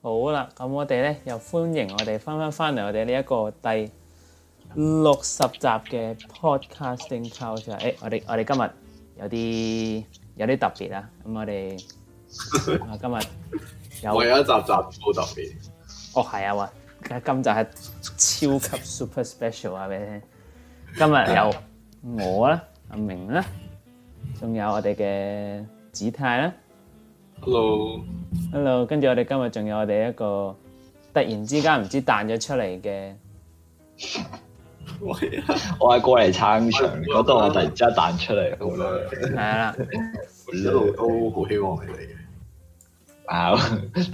.好啦，咁我哋咧又歡迎我哋翻翻翻嚟我哋呢一個第六十集嘅 Podcasting show 出嚟、欸。我哋我哋今日有啲有啲特別啊，咁我哋 今日有一集集好特別。哦，係啊，喂，今集係超級 super special 我 啊，俾你聽。今日有我啦，阿明啦，仲有我哋嘅子泰啦。hello，hello，跟住我哋今日仲有我哋一個突然之間唔知彈咗出嚟嘅。 我係我過嚟撐場，嗰度 我突然之間彈出嚟，好啦， 係啦了，都都好希望你嘅，啊，唔其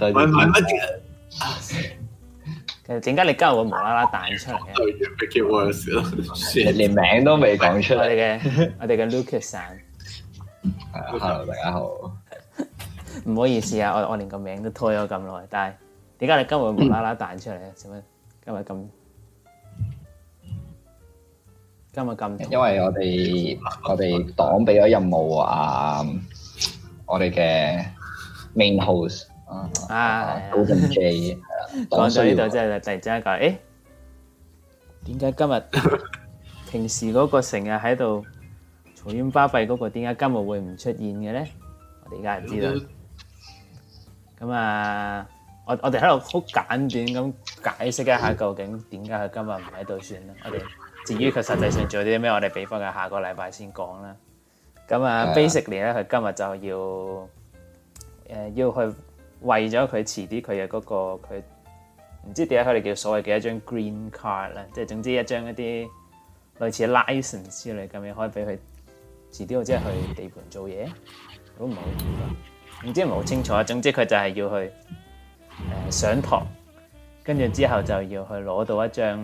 實點解你今日會無啦啦彈出嚟 Make it worse 咯，連名都未講出嚟嘅， 我哋嘅 Lukas Chan，係啊 ，hello，大家好。唔好意思啊，我我連個名都拖咗咁耐，但係點解你今日無啦啦彈出嚟咧？做咩今日咁今日咁？因為我哋我哋黨俾咗任務啊，我哋嘅 main host 啊，高登 J，講到呢度即係突然之間講，誒點解今日平時嗰個成日喺度嘈喧巴閉嗰個，點解今日會唔出現嘅咧？我哋而家係知道。咁啊，我我哋，喺度好簡短咁解釋一下究竟點解佢今日唔喺度算啦。我哋，至於佢實際上做啲咩，我哋俾翻佢下個禮拜先講啦。咁啊的，basically 咧，佢今日就要誒要去為咗佢遲啲佢嘅嗰個佢唔知點解佢哋叫所謂嘅一張 green card 啦，即係總之一張一啲類似 license 之類咁樣可以俾佢遲啲或者係去地盤做嘢，都唔係好掂㗎。唔知唔好清楚啊！總之佢就係要去誒、呃、上堂，跟住之後就要去攞到一張誒、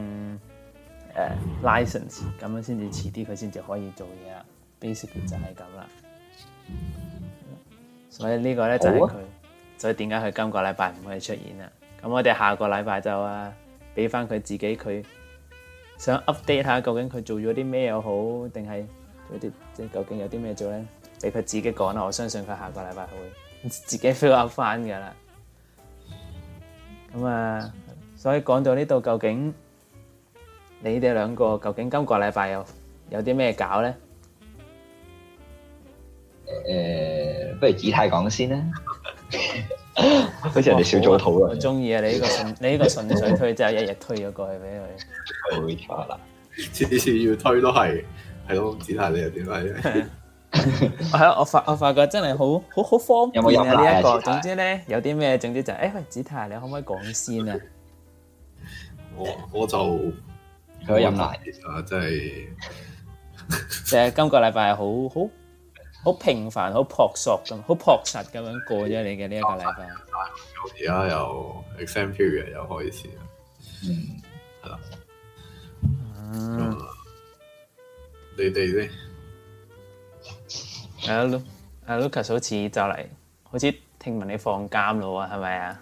呃、license，咁樣先至遲啲佢先至可以做嘢啦。Basic 就係咁啦，所以個呢個咧就係、是、佢，啊、所以點解佢今個禮拜唔可以出現啦。咁我哋下個禮拜就啊俾翻佢自己，佢想 update 下究竟佢做咗啲咩又好，定係做啲即係究竟有啲咩做咧？俾佢自己講啦，我相信佢下個禮拜會自己 feel up 翻嘅啦，咁啊，所以講到呢度，究竟你哋兩個究竟今個禮拜又有啲咩搞咧？誒、呃，不如 Gtai 講先啦，好似人哋少咗討論。我中意啊，你呢個純你呢個純粹推 就日日推咗過去俾佢。係啦，次次要推都係，係咯 ，Gtai，你又點睇？我係 我發我發覺真係好好好方便啊呢一個，總之咧有啲咩，總之就誒、是、喂，Gtai，你可唔可以講先啊？我就 我就有飲奶啊，真係即係今個禮拜係好好好平凡，好樸素咁，好樸實咁樣過咗你嘅呢一個禮拜。而家又 exam period 又開始啦。嗯。啊 。你哋咧？係咯，阿 Lucas 好似就嚟，好似聽聞你放監咯喎，係咪啊？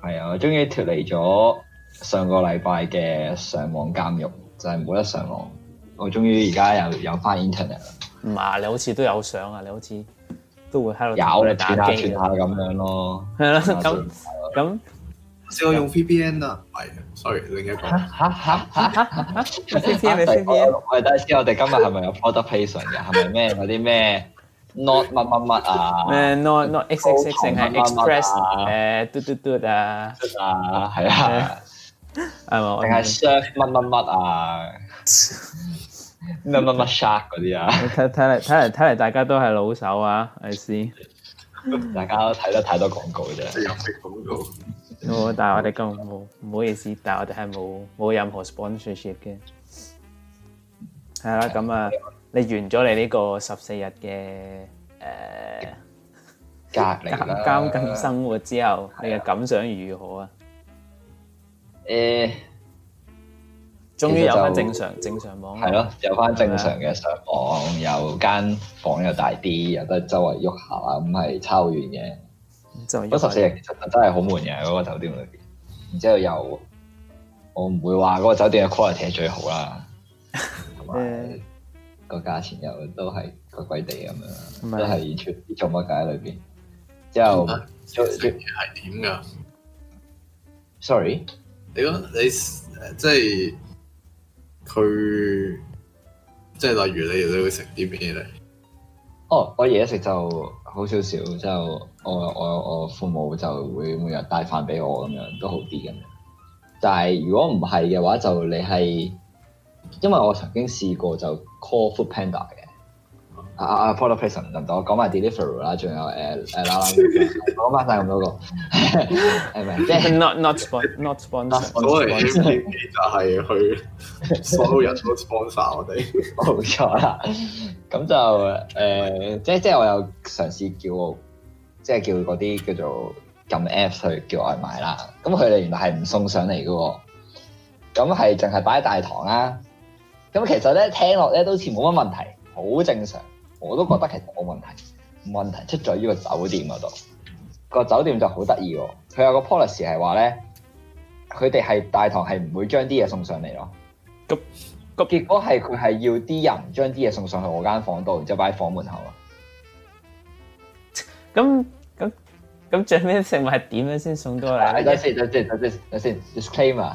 係啊，我終於脫離咗上個禮拜嘅上網監獄，就係冇得上網。我終於而家又有翻 internet。唔係，你好似都有相啊？你好似都會喺度 l l 有，傳下下咁樣咯。係咯，咁咁，是我用 VPN 啊？係，所以另一個吓吓吓吓吓吓，VPN 係咪 VPN 我哋睇下先，我哋今日係咪有 production 嘅？係咪咩嗰啲咩？not 乜乜乜啊？誒，not not X X X 定係 express 啊？誒，嘟嘟嘟啊。對啊，係啊，係嘛？定係 shark 乜乜乜啊？乜乜乜 shark 嗰啲啊？睇睇嚟睇嚟睇嚟，大家都係老手啊！I see，大家都睇得太多廣告啫。任何廣告。我但係我哋咁冇唔好意思，但係我哋係冇冇任何 sponsorship 嘅。係啦，咁啊。你完咗你呢個十四日嘅誒隔離啦，監禁生活之後，的你嘅感想如何啊？誒、呃，終於有翻正常正常網，係咯，有翻正常嘅上網，有間的房又大啲，有得周圍喐下咁，係抄完嘅。嗰十四日其實真係好悶嘅嗰個酒店裏邊，然之後又我唔會話嗰、那個酒店嘅 quality 係最好啦，同、呃為個價錢又都係貴貴哋咁樣，是都係完全做乜鬼喺裏邊。之後，食係點噶？Sorry，你講你即係佢，即係例如你你會食啲咩咧？哦，我爺爺食就好少少，之後我我我父母就會每日帶飯俾我咁樣，都好啲咁樣。但係如果唔係嘅話，就你係。因為我曾經試過就 call food panda 嘅、mm hmm. 啊，啊、er, 還有啊啊 follow person 我講埋 delivery 啦，仲有誒誒，講翻曬咁多個，即係 not not sport not sport，所謂 MVP 就係去所有人都 sponsor 我哋，冇錯啦。咁就誒、呃 Right.，即即係我有嘗試叫我，即係叫嗰啲叫做撳 app 去叫外賣啦。咁佢哋原來係唔送上嚟嘅喎，咁係淨係擺喺大堂啦。咁其實咧聽落咧都似冇乜問題，好正常。我都覺得其實冇問題，問題出咗呢個酒店嗰度。個酒店就好得意喎，佢有個 policy 係話咧，佢哋係大堂係唔會將啲嘢送上嚟咯。咁咁結果係佢係要啲人將啲嘢送上去我間房度，然之後擺喺房門口啊。咁咁咁最尾食物係點樣先送到嚟？That's it, that's it, that's it, that's it. Disclaimer.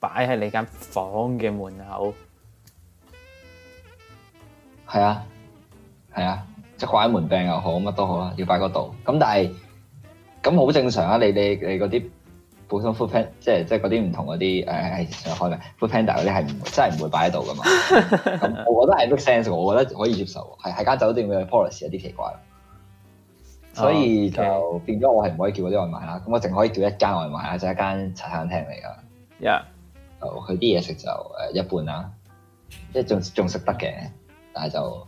擺喺你間房嘅門口，係啊，係啊，即係掛喺門柄又好，乜都好啦，要擺嗰度。咁但係，咁好正常啊！你哋你嗰啲普通 food panda，即係即係嗰啲唔同嗰啲誒上海嘅 food panda 嗰啲係唔會真係唔會擺喺度噶嘛。 我覺得係 make sense，我覺得可以接受。係喺間酒店嘅 policy 有啲 pol 奇怪，所以就變咗我係唔可以叫嗰啲外賣啦。咁我淨可以叫一間外賣啊，就係、一間茶餐廳嚟噶。y、yeah. 就佢啲嘢食就誒一半啦，即係仲仲食得嘅，但係就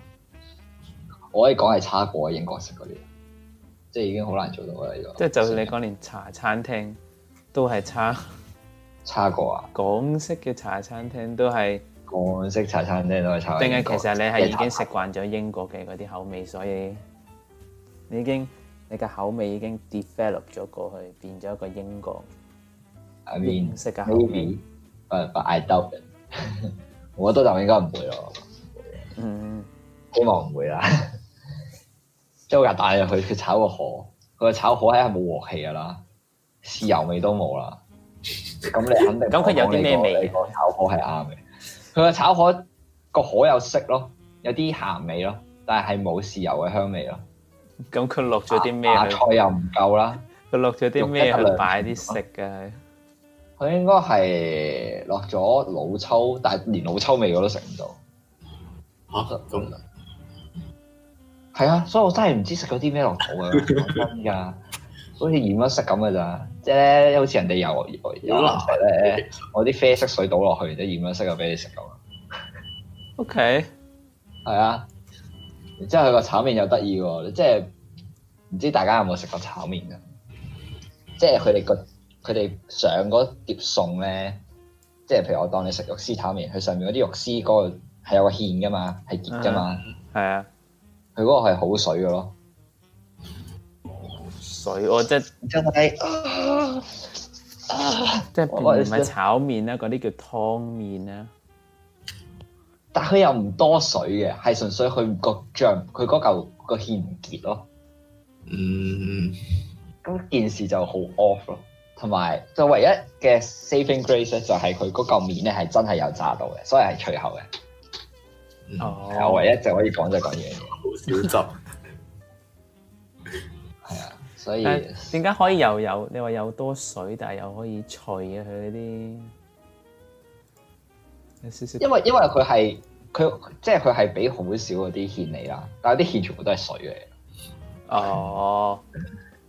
我可以講係差過英國食嗰啲，即係已經好難做到啦呢個。即係就算你講連茶餐廳都係差，差過啊！港式嘅茶餐廳都係港式茶餐廳都係差過。定係其實你係已經食慣咗英國嘅嗰啲口味，所以你已經你嘅口味已經 develop 咗過去，變咗一個英國英式嘅口味。誒，I doubt it，我都就應該唔會咯，嗯、希望唔會啦。即 係我打入去去炒個河，佢個炒河係係冇鑊氣噶啦，豉油味都冇啦。咁 你肯定咁佢 有啲咩味道？炒河係啱嘅，佢個炒河個河有色咯，有啲鹹味咯，但係係冇豉油嘅香味咯。咁佢落咗啲咩？菜又唔夠啦，佢落咗啲咩去擺啲食嘅？佢應該係落咗老抽，但係連老抽味我都食唔到。嚇、啊，都唔得。係啊，所以我真係唔知食咗啲咩落肚 啊！真㗎，好似染咗色咁嘅咋？即係咧，好似人哋有有有咧，我啲啡色水倒落去，啲染咗色又俾你食咁。O K，係啊。然之後佢個炒麵又得意喎，即係唔知大家有冇食過炒麵嘅？即係佢哋個。佢哋上嗰碟餸咧，即係譬如我當你食肉絲炒麵，佢上面嗰啲肉絲嗰個係有個芡噶嘛，係結噶嘛，係、嗯、啊，佢嗰個係好水嘅咯，水喎我即即係即係唔係炒麵啦，嗰啲叫湯麵啦、啊，但佢又唔多水嘅，係純粹佢個醬，佢嗰嚿個芡唔結咯，嗯，咁件事就好 off 咯。同埋，就唯一嘅 saving grace 咧，就係佢嗰嚿麵咧係真係有炸到嘅，所以係脆口嘅。哦，oh. 唯一就可以講就講嘢，表作。係啊，所以點解、啊、可以又有？你話有多水，但係又可以脆嘅佢啲。因為因為佢係佢即係佢係俾好少嗰啲芡你啦，但係啲芡全部都係水嚟。哦，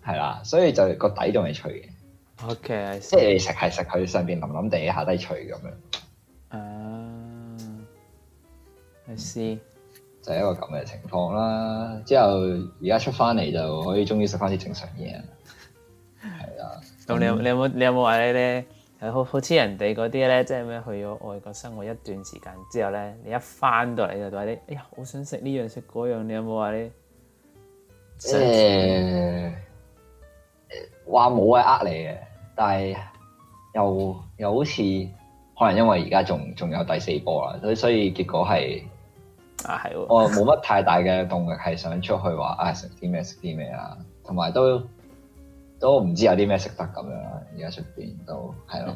係啦，所以就個底仲係脆的。嘅。Okay，即係食係食佢上邊淋淋地下脆脆，下低脆咁樣。啊，I、see. s 就 e 一個咁嘅情況啦。之後而家出翻嚟就可以終於食翻啲正常嘢。係 啊，咁你有，有你有冇你有冇話咧？係好好似人哋嗰啲咧，即係咩去咗外國生活一段時間之後咧，你一翻到嚟就話你，哎、欸、呀，好想食呢樣食嗰樣，你有冇話你？即係話冇係呃你嘅。但係又又好似可能因為而家仲仲有第四波啦，所以所以結果係啊係我冇乜太大嘅動力係想出去話啊食啲咩食啲咩啊，同埋都都唔知有啲咩食得咁樣，而家出邊都係咯。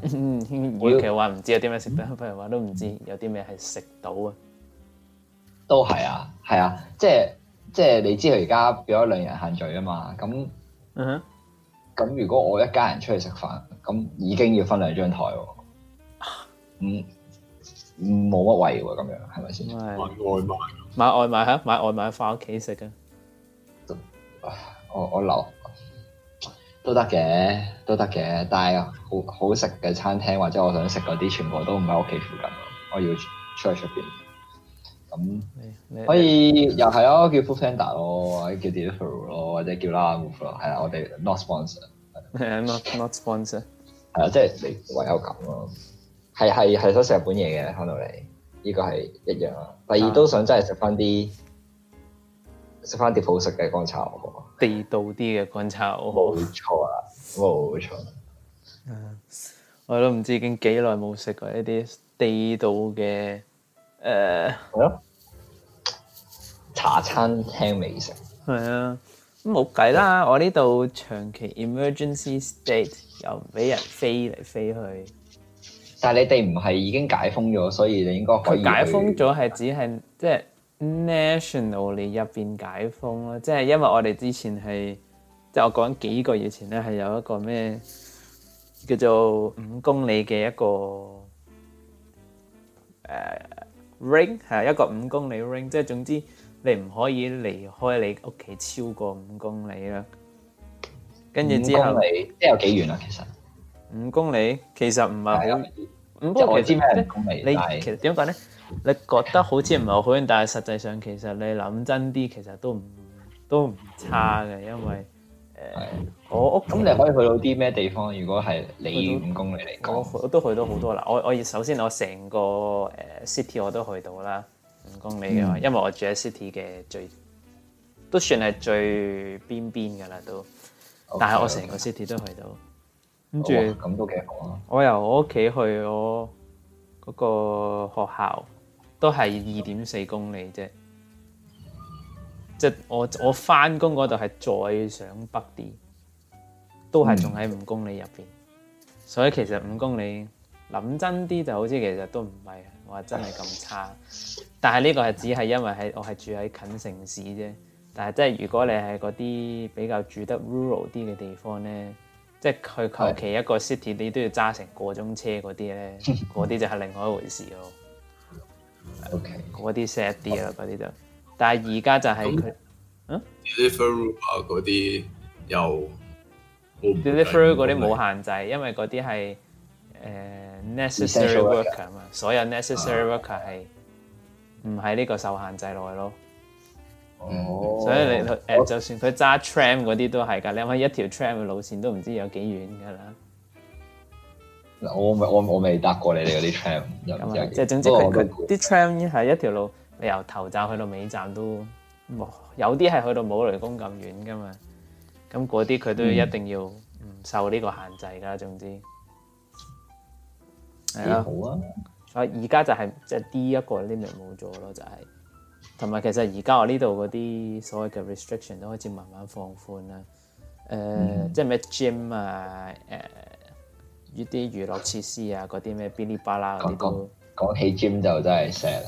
與 後 其話唔知有啲咩食得，不如話都唔知有啲咩係食到啊。都係啊，係啊，即係即係你知佢而家變咗兩人限聚啊嘛，咁嗯哼。咁如果我一家人出去食飯，咁已經要分兩張台喎，唔冇乜謂喎，咁樣係咪先？買外賣，買外賣嚇，買外賣翻屋企食啊，我我留都得嘅，都得嘅，但係好好食嘅餐廳或者我想食嗰啲，全部都唔喺屋企附近，我要出去出邊。咁、嗯、可以、嗯、又係咯，叫 Foodpanda 咯，或者叫 Deliveroo 咯，或者叫 u 姆夫咯，係啊，我哋 not sponsor，not not sponsor，係啊，即係、你、唯有咁咯。係係係想食日本嘢嘅，翻到嚟呢、呢個係一樣啊。第二、啊、都想真係食翻啲食翻啲好食嘅乾炒，我地道啲嘅乾炒，冇錯啦，冇錯、 啊。錯啊、我都唔知已經幾耐冇食過一啲地道嘅誒。Uh, 茶餐廳美食，係啊，冇計啦！我呢度長期 emergency state，又唔俾人飛嚟飛去。但係你哋唔係已經解封咗？所以你應該可以佢解封咗係只係即係 national 你入邊解封咯，即係因為我哋之前係即係我講幾個月前咧，係有一個咩叫做五公里嘅一個誒、uh, ring 係啊，一個五公里 ring，即係總之。你唔可以離開你屋企超過五公里啦，跟住之後，五公里即係有幾遠啊？其實五公里其實唔係好，不過我知咩咧？你其實點講咧？你覺得好似唔係好遠，但係實際上其實你諗真啲，其實都唔都唔差嘅，因為誒我屋咁你可以去到啲咩地方？如果係你五公里嚟講，我都去到好多啦。我我首先我成個誒 city 我都去到啦。五公里嘅，嗯、因為我住喺 city 嘅最，都算係最邊邊嘅啦，都。Okay，但係我成個 city 都去到，跟住咁都幾好啊！我由我屋企去我嗰個學校都係二點四公里啫，嗯、即係我我翻工嗰度係再上北啲，都係仲喺五公里入邊。嗯、所以其實五公里諗真啲就好似其實都唔係話真係咁差。嗯但係呢個係只係因為係我係住喺近城市啫。但係即係如果你係嗰啲比較住得 rural 啲嘅地方呢，即係佢求其一個 city 你都要揸成個鐘車嗰啲呢，嗰啲 就係另外一回事咯。嗰啲 sad 啲啦，嗰啲 Okay. 就。但係而家就係佢嗯 delivery 嗰啲又 deliverer 嗰啲冇限制， 因為嗰啲係 necessary worker 嘛，所有 necessary worker 係。Uh. 唔喺呢個受限制內咯，oh，所以你誒就算佢揸 tram 嗰啲都係㗎，你諗下一條 tram 嘅路線都唔知有幾遠㗎啦。嗱，我未我我未搭過你哋嗰啲 tram，即係總之佢啲 tram 係一條路，由頭站去到尾站都冇，有啲係去到冇雷公咁遠㗎嘛。咁嗰啲佢都要一定要唔受呢個限制㗎，總之幾、mm. 的好啊！啊，而家就係即係啲一個 limit 冇咗咯，就係同埋其實而家我呢度嗰啲所謂嘅 restriction 都開始慢慢放寬啦。誒、呃，嗯、即係咩 gym 啊，誒、呃，呢啲娛樂設施啊，嗰啲咩噼哩啪啦。講講起 gym 就真係 sad。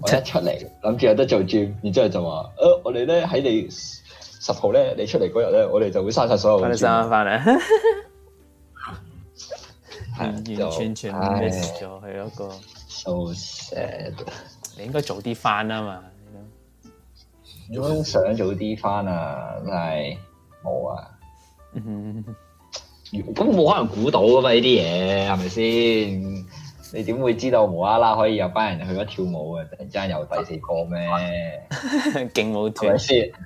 我一出嚟諗住有得做 gym，然之後就話，誒、呃，我哋咧喺你十號咧，你出嚟嗰日咧，我哋就會刪晒所有。刪翻翻啊！ 完完全全 miss 咗，佢一個。So sad，你應該早啲翻啊 嘛！如果想早啲翻啊？真係冇啊！咁冇可能估到噶嘛？呢啲嘢係咪先？你點會知道無啦啦可以有班人去咗跳舞啊？突然？真有第四個咩？勁舞 團先吧，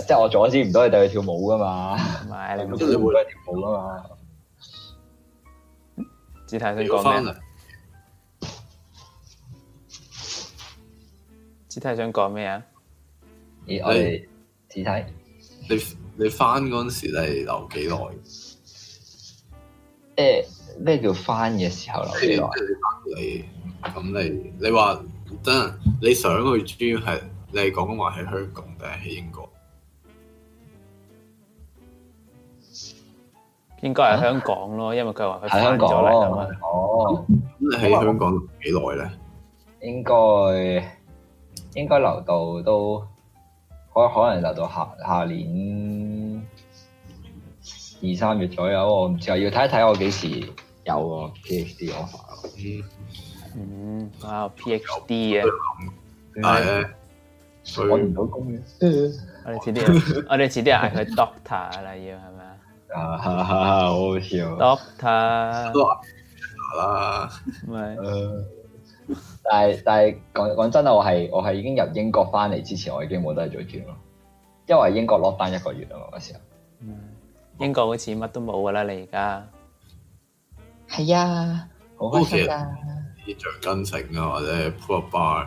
即係我阻止唔到佢哋去跳舞噶嘛？唔係，你都跳緊跳舞噶嘛？子泰想講咩？子泰想講咩啊？你子泰，你你翻嗰陣時，你留幾耐？誒，咩叫翻嘅時候留幾耐？你咁你你話真係你想去專系？你講緊話喺香港定係喺英國？應該係香港咯，因為佢話佢翻咗嚟咁啊。哦，咁你喺香港幾耐咧？應該應該留到都可可能留到下下年二三月左右。我唔知啊，要睇一睇我幾時有個 PhD offer 咯。嗯，哇，PhD 啊！唉，揾唔到工嘅。我哋遲啲，我哋遲啲嗌佢 Doctor 啊，要。啊！哈哈哈，好笑。Doctor k 啦，唔係 是、嗯。但係但係，講講真，我係我係已經由英國翻嚟之前，我已經冇得做 gym 咯。因為英國 lockdown 一個月啊嘛，嗰時候。英國好似乜都冇噶啦，你而家。係啊，好開心噶。啲橡筋繩啊，或者 pull bar。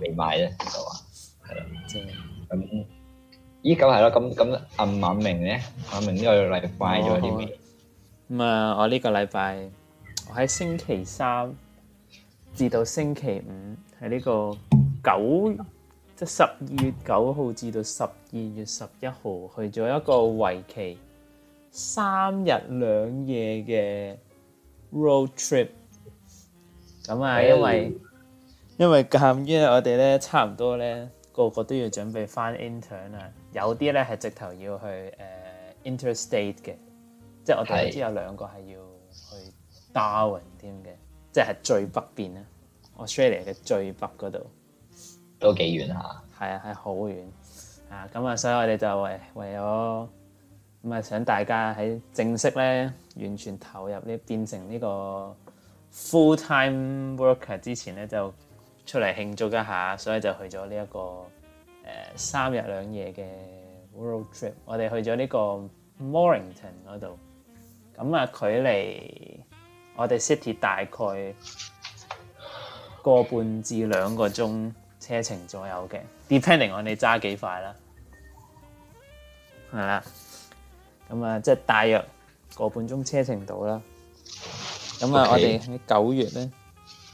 未買咧，就話係啦。咁依九係咯，咁咁阿阿明咧，阿明呢個禮拜快咗啲咩？咁啊，我呢個禮拜，我喺星期三至到星期五，喺呢個九即係十二月九號至到十二月十一號，去咗一個為期三日兩夜嘅 road trip。咁啊，因為因為鑑於我哋咧差唔多咧，個個都要準備翻、呃、intern 是啊，有啲咧係直頭要去誒 interstate 嘅，即係我哋知有兩個係要去 Darwin 添嘅，即係最北邊啦，Australia 嘅最北嗰度都幾遠下，係啊係好遠啊。咁啊，所以我哋就為為咗咁啊，想大家喺正式咧完全投入呢，變成呢個 full time worker 之前咧就，出嚟慶祝一下，所以就去咗呢一個誒、呃、三日兩夜嘅 road trip。我哋去咗呢個 Mornington 嗰度，咁啊距離我哋 city 大概個半至兩個鐘車程左右嘅 ，depending 我哋揸幾快啦，係啦，咁啊即係大約個半鐘車程到啦。咁啊，Okay. 我哋喺九月咧，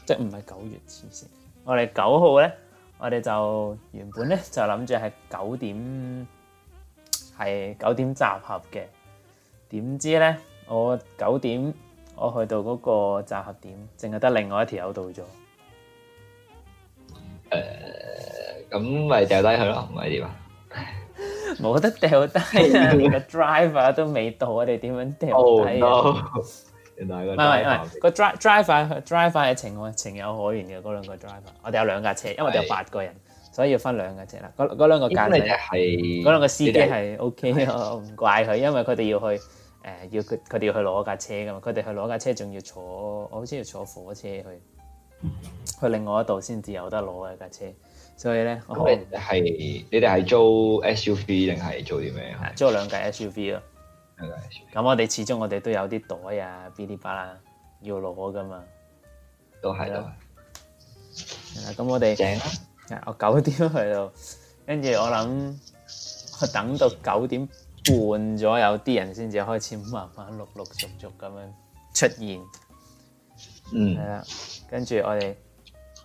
即係唔係九月之前？我哋九號咧，我哋就原本咧就諗住係九點係九點集合嘅，知呢，點知咧我九點我去到嗰個集合點，淨係得另外一條友到咗。誒、呃，咁咪掉低佢咯，唔係點啊？冇得 掉低啊！連個 driver 都未到，我哋點樣掉低？唔係唔係，個 drive driver driver 係情情有可原嘅，嗰兩個 driver，我哋有兩架車，因為我哋有八個人，是所以要分兩架車啦。嗰嗰兩個駕駛係，嗰兩個司機係 OK 啊，唔怪佢，因為佢哋要去誒，要佢佢哋要去攞架車噶嘛，佢哋去攞架車仲要坐，我好似要坐火車去，嗯、去另外一度先至有得攞架車。所以咧，我係你哋係租 SUV 定係做啲咩？租兩架 SUV 咯。係咪？咁我哋始終我哋都有啲袋啊、噼里啪啦，要攞噶嘛。都係，係啦。咁我哋，我九點去到，跟住我諗，我等到九點半左右，有啲人先至開始慢慢陸陸續續咁樣出現。嗯。係啦，跟住我哋，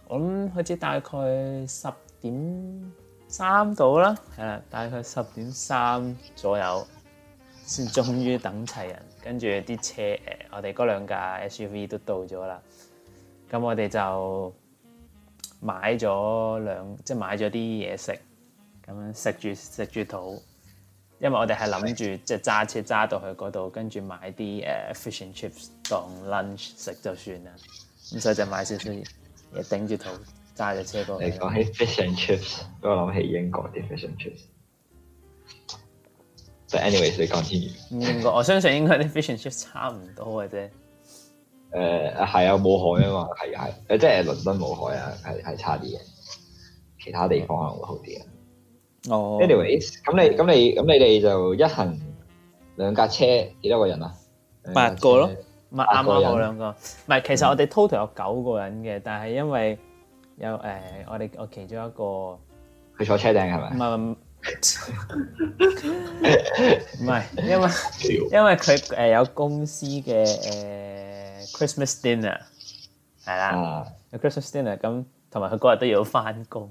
我諗好似大概十點三到啦，係啦，大概十點三左右。先終於等齊人，跟住啲車誒，我哋嗰兩架 SUV 都到咗啦。咁我哋就買咗兩，即係買咗啲嘢食，咁樣食住食住肚。因為我哋係諗住即係揸車揸到去嗰度，跟住買啲誒 fish and chips 當 lunch 食就算啦。咁所以就買少少嘢頂住肚，揸住車過去。你講起 fish and chips，我諗起英國啲 fish and chips。但係 anyways，你講天語，應該我相信應該啲 fish and chips 差唔多嘅啫。誒，係啊，冇海啊嘛，係啊係，誒即係倫敦冇海啊，係係差啲嘅，其他地方可能會好啲嘅。哦，anyways，咁你咁你咁你哋就一行兩架車幾多個人啊？八個咯，八個人啱啱兩個，唔係其實我哋 total 有九個人嘅，但係因為有誒，我哋我其中一個去坐車頂係咪？唔係。唔係， 因為因為佢誒、呃、有公司嘅誒、呃、Christmas dinner 係啦，有、啊、Christmas dinner 咁，同埋佢嗰日都要翻工，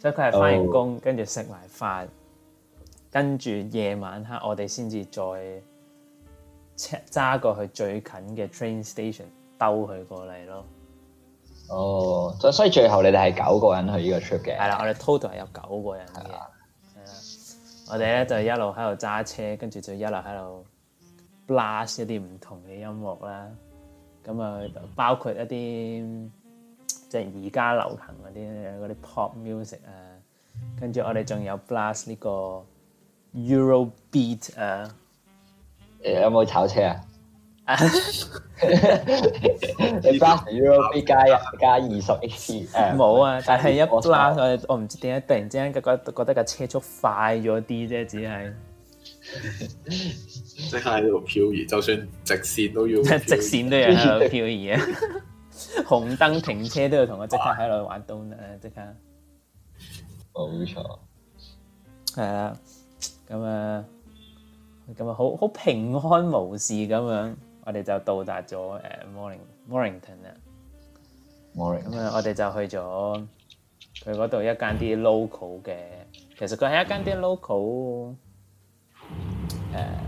所以佢係翻完工，跟住食埋飯，跟住夜晚黑我哋先至再車揸過去最近嘅 train station 兜佢過嚟咯。哦，所以最後你哋係九個人去呢個 trip 嘅，係啦，我哋 total 係有九個人係。嗯我哋咧就一路喺度揸車，跟住就一路喺度 blast 一啲唔同嘅音樂啦。咁啊，包括一啲即係而家流行嗰啲嗰啲 pop music 啊。跟住我哋仲有 blast 呢個 Eurobeat 啊。誒有冇炒車啊？你拉 EuroB 街加二十一冇啊！但係一拉我，我唔知點解突然之間覺得個車速快咗啲啫，只係即刻喺度漂移，就算直線都要， 直線都要漂移啊！ 紅燈停車都要同我即刻喺度玩燈啊！即刻冇錯，係啊！ 咁啊，咁啊，好好平安無事咁樣。我哋就到達咗誒 Morning Mornington 啦。Morning 咁啊、嗯，我哋就去咗佢嗰度一間啲 local 嘅，其實佢係一間啲 local 誒、呃、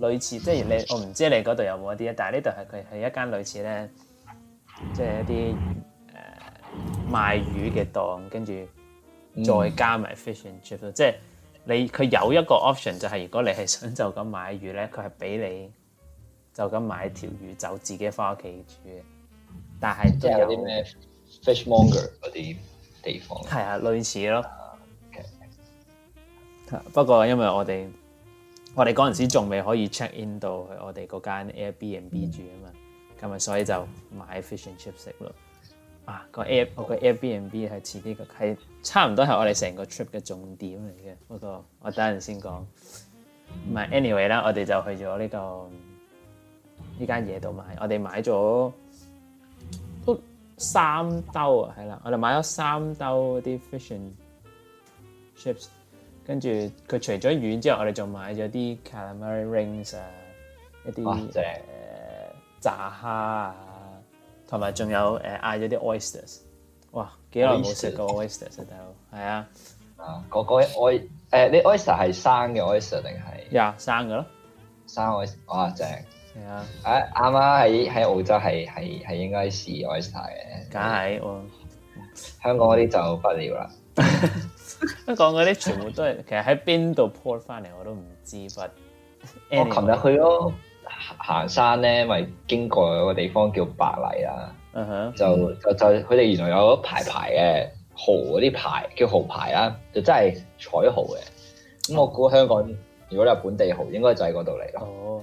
類似，即係你我唔知你嗰度有冇一啲啊。但係呢度係佢係一間類似咧，即係一啲誒、呃、賣魚嘅檔，跟住再加埋 fish and chips、嗯。即係你佢有一個 option，就係如果你係想就咁買魚咧，佢係俾你。就咁買一條魚，就自己翻屋企煮嘅。但係都有啲咩 fishmonger 嗰啲地方。係啊，類似咯。Okay. 不過因為我哋我哋嗰陣時仲未可以 check in 到去我哋嗰間 Airbnb 住啊嘛，咁啊所以就買 fish and chips 食咯。啊、個 Air 我 Airbnb 係遲啲係差唔多係我哋成個 trip 嘅重點嚟嘅，不過我等陣先講。唔係，anyway 啦，我哋就去咗呢、個。呢間嘢度買，我哋買咗都三兜啊，係啦，我哋買咗三兜啲 fish and chips，跟住佢除咗魚之外，我哋仲買咗啲 calamari rings 啊，一啲、呃、炸蝦啊，同埋仲有誒嗌咗啲、呃、oysters，哇，幾耐冇食過 oysters 啊大佬，係啊，嗰嗰啲 o 誒你 oyster 係生嘅 oyster 定係？呀、yeah，生嘅咯，生 oyster，哇正！係 Yeah. 啊，啊啱然啊！喺喺澳洲係係係應該試阿 e 嘅，梗係，香港嗰啲就不了啦。香港嗰啲全部都係， 其實喺邊度 po 翻嚟，我都唔知。不，我琴日去咯，行山咧，咪、就是、經過有個地方叫白泥啦。哼、uh huh.，就就佢哋原來有一排排嘅蠔嗰啲牌，叫蠔牌啦，就真係彩蠔嘅。咁我估香港。如果有本地蚝，應該就喺嗰度嚟咯。哦，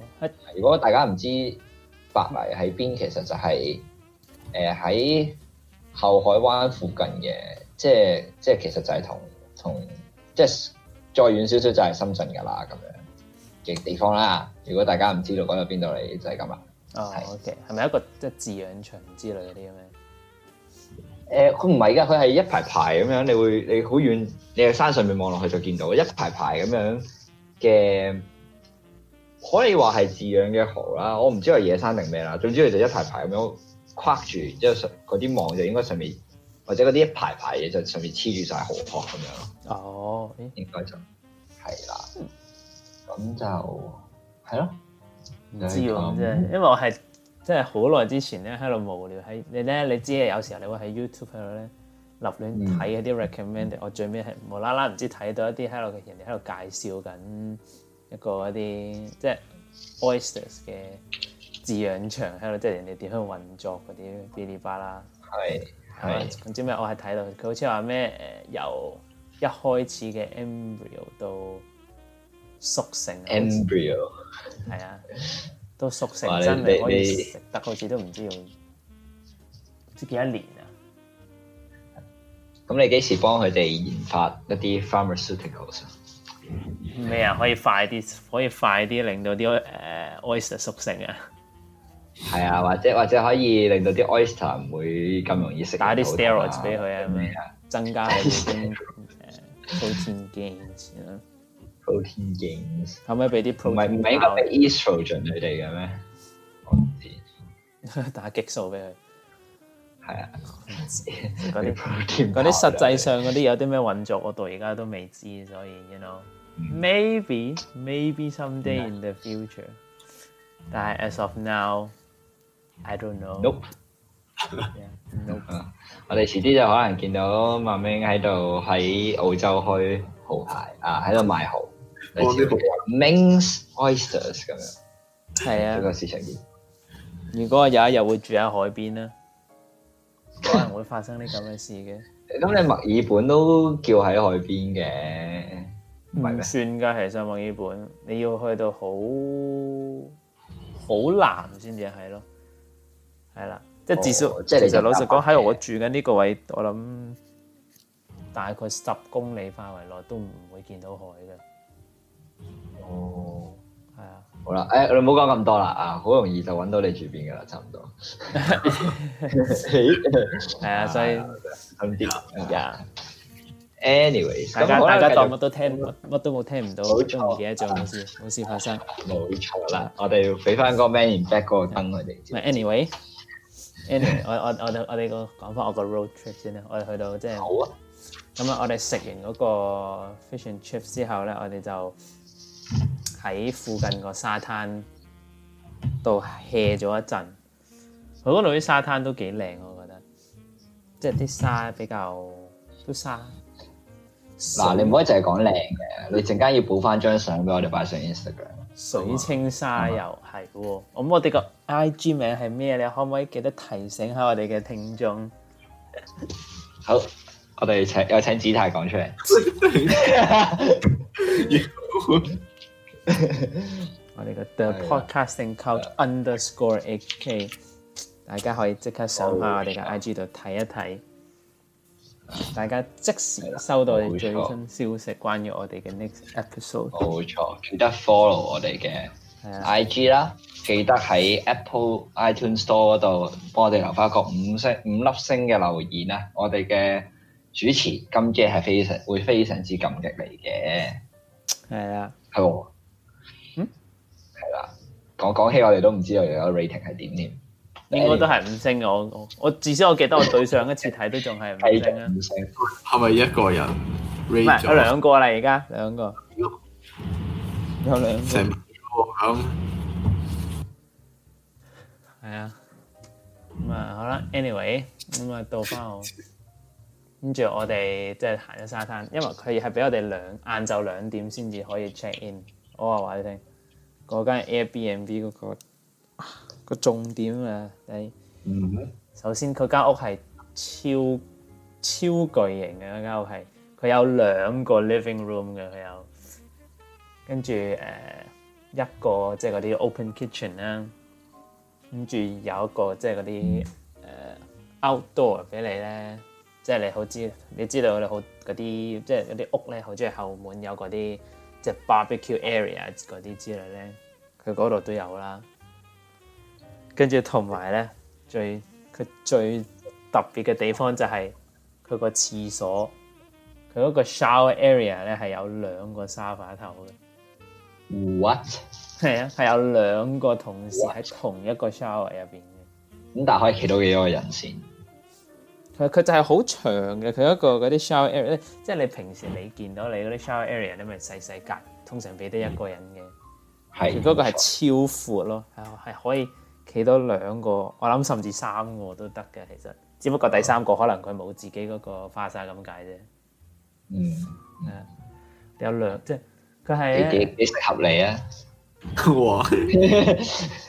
如果大家唔知道白泥喺邊，其實就係誒喺後海灣附近嘅，即係即係其實就係同同即係再遠少少就係深圳噶啦，咁樣嘅地方啦。如果大家唔知道講到邊度嚟，就係咁啦。哦係，OK，係咪一個即係飼養場之類嗰啲嘅咩？誒、呃，佢唔係噶，佢係一排排咁樣，你會你好遠，你喺山上面望落去就見到，一排排咁樣。嘅可以話係自養嘅蚝啦，我唔知係野生定咩啦，總之佢就一排排咁樣框住，之後上嗰啲網就應該上面或者嗰啲一排排嘢就上面黐住晒蚝殼咁樣咯。哦，欸、應該就係啦，咁就係咯，唔知喎真係，因為我係真係好耐之前咧喺度無聊，喺你咧，你知啊，有時候你會喺 YouTube 喺度咧。立亂睇嗰啲 recommend，我最尾係無啦啦唔知睇到一啲喺度，人哋喺度介紹緊一個一啲即係、就是、oysters 嘅飼養場喺度，即、就、係、是、人哋點樣運作嗰啲嗶哩巴啦。係係，唔知咩？我係睇到佢，好似話咩誒，由一開始嘅 embryo 到熟成。embryo 係啊， 都熟成真係可以食，但好似都唔知要知幾多年。咁你幾時幫佢哋研發一啲 pharmaceuticals？咩啊？可以快啲，可以快啲令到啲誒 oyster 速成啊？係啊，或者或者可以令到啲 oyster 唔會咁容易食。打啲 steroids 俾佢啊，增加 protein gains 啊，protein gains。可唔可以俾啲 protein，唔係唔係應該俾 estrogen 佢哋嘅咩？打激素俾佢。係啊，唔知嗰啲嗰啲實際上嗰啲有啲咩運作，我到而家都未知，所以 you know maybe maybe someday in the future，但係 as of now I don't know。Nope，我哋遲啲就可能見到孟明喺度喺澳洲開蠔排啊，喺度賣蠔。Means oysters 咁樣。係啊。呢個市場邊？如果有一日會住喺海邊咧？可能會發生啲咁嘅事嘅。咁 你墨爾本都叫喺海邊嘅，唔算㗎。其實墨爾本你要去到好好南先至係咯，係啦。即係至少，即係其實老實講，喺我住緊呢個位，我諗大概十公里範圍內都唔會見到海嘅。哦。好啦，誒我哋唔好講咁多啦啊，好容易就揾到你住邊㗎啦，差唔多。係啊，所以唔掂啊。Anyway，大家大家當乜都聽乜乜都冇聽唔到，唔記得咗，冇事冇事發生。冇錯啦，我哋要俾翻個 man in black 個燈佢哋。唔係，Anyway，Anyway，我我我我哋個講翻我個 road trip 先啦，我哋去到即係。好啊。咁啊，我哋食完嗰個 fish and chips 之後咧，我哋就。喺附近個沙灘度歇咗一陣，我覺得嗰度啲沙灘都幾靚，我覺得，即係啲沙比較都沙。嗱、啊，你唔可以淨係講靚嘅，你陣間要補翻張相俾我哋擺上 Instagram。水清沙幼係喎，咁、哦、嗎我哋個 IG 名係咩？你可唔可以記得提醒下我哋嘅聽眾？好，我哋請有請子泰講出嚟。 我哋嘅 The Podcasting Culture Underscore HK，大家可以即刻上返我哋嘅 IG 度睇一睇，大家即時收到我哋最新消息，關於我哋嘅 Next Episode。冇錯，記得 follow 我哋嘅 IG 啦，記得喺 Apple iTunes Store 嗰度幫我哋留翻個五星五粒星嘅留言啊！我哋嘅主持金姐係非常會非常之感激你嘅，係啊，係。講講起我哋都唔知我哋有 rating 係點添，應該都係五星我我我至少我記得我對上一次睇都仲係五星啊！係咪一個人？唔係，有兩個啦，而家兩個有兩個。係啊，咁啊好啦，anyway，咁啊到翻我，跟住我哋即係行咗沙灘，因為佢係俾我哋兩晏晝兩點先至可以 check in，我話你聽。嗰間 Airbnb 嗰個個重點啊！你首先佢間屋係超超巨型嘅，間屋係，佢有兩個 living room 嘅，佢有跟住誒、呃、一個即係嗰啲 open kitchen 啦，跟住有一個即係嗰啲誒 outdoor 俾你咧，即係你好知你知道佢好嗰啲即係嗰啲屋咧好中意後門有嗰啲，即係 barbecue area 嗰啲之類咧，佢嗰度都有啦。跟住同埋咧，最佢最特別嘅地方就係佢個廁所，佢嗰個 shower area 咧係有兩個沙發頭嘅。What？係啊，係有兩個同事喺同一個 shower 入邊嘅。咁但係可以企到幾多個人先？佢就係好長嘅，佢一個嗰啲 shower area 咧，即係你平時你見到你嗰啲 shower area，你咪細細格，通常俾得一個人嘅。係、嗯。嗰個係超闊咯，係可以企多兩個，我諗甚至三個都得嘅，其實只不過第三個可能佢冇自己嗰個花灑咁解啫。嗯。有兩即係佢係。幾幾合理啊！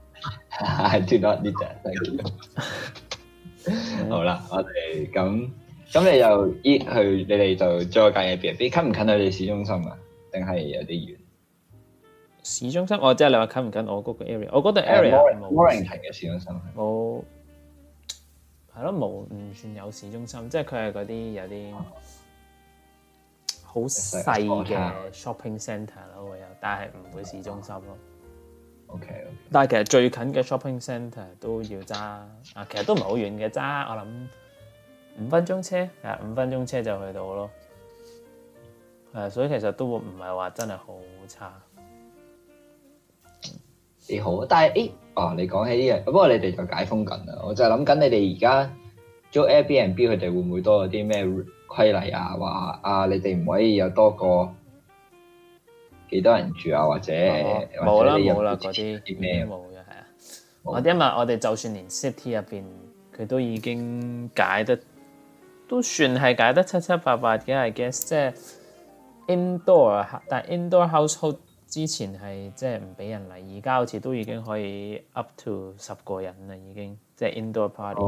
I do not need that. 好啦了， 我哋咁咁，你又依去，你哋就租界嘅 area 近唔近啊？你市中心啊，定係有啲遠？市中心，我即係你話近唔近？我嗰個 area，我覺得 area 冇。Mornington 嘅市中心，冇，係咯，冇，唔算有市中心，即係佢係嗰啲有啲好細嘅 shopping centre 咯，會有，但係唔會市中心咯。嗯嗯 O Okay , K，、okay. 但係其實最近嘅 shopping centre 都要揸啊，其實都唔係好遠嘅揸，我諗五分鐘車，係五分鐘車就去到咯。係、啊、所以其實都會唔係話真係好差。幾好啊！但係誒、欸、啊，你講起呢樣，不過你哋就解封緊啦。我就係諗緊你哋而家租 Airbnb，佢哋會唔會多咗啲咩規例啊？話啊，你哋唔可以有多個。幾多人住啊？或者冇啦，冇啦、哦，嗰啲咩都冇嘅係啊！我因為我哋就算連 city 入邊，佢都已經解得都算係解得七七八八嘅。I guess 即係 indoor，但係 indoor household 之前係即係唔俾人嚟，而家好似都已經可以 up to 十個人啦，已經、就是、即係 indoor party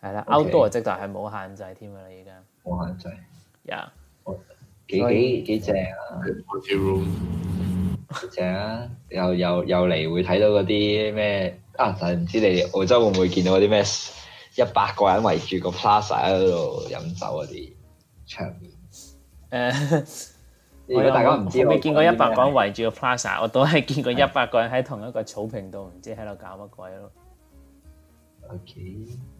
係啦。Outdoor 即係係冇限制添啦，而家冇限制。y、yeah. 幾幾幾正啊！正啊！又又又嚟，會睇到嗰啲咩啊？但係唔知你哋澳洲會唔會見到嗰啲咩一百個人圍住個 plaza 喺度飲酒嗰啲場面？誒，如果大家唔知，我未見過一百個人圍住個 plaza，我都係見過一百個人喺同一個草坪度，唔知喺度搞乜鬼咯。OK。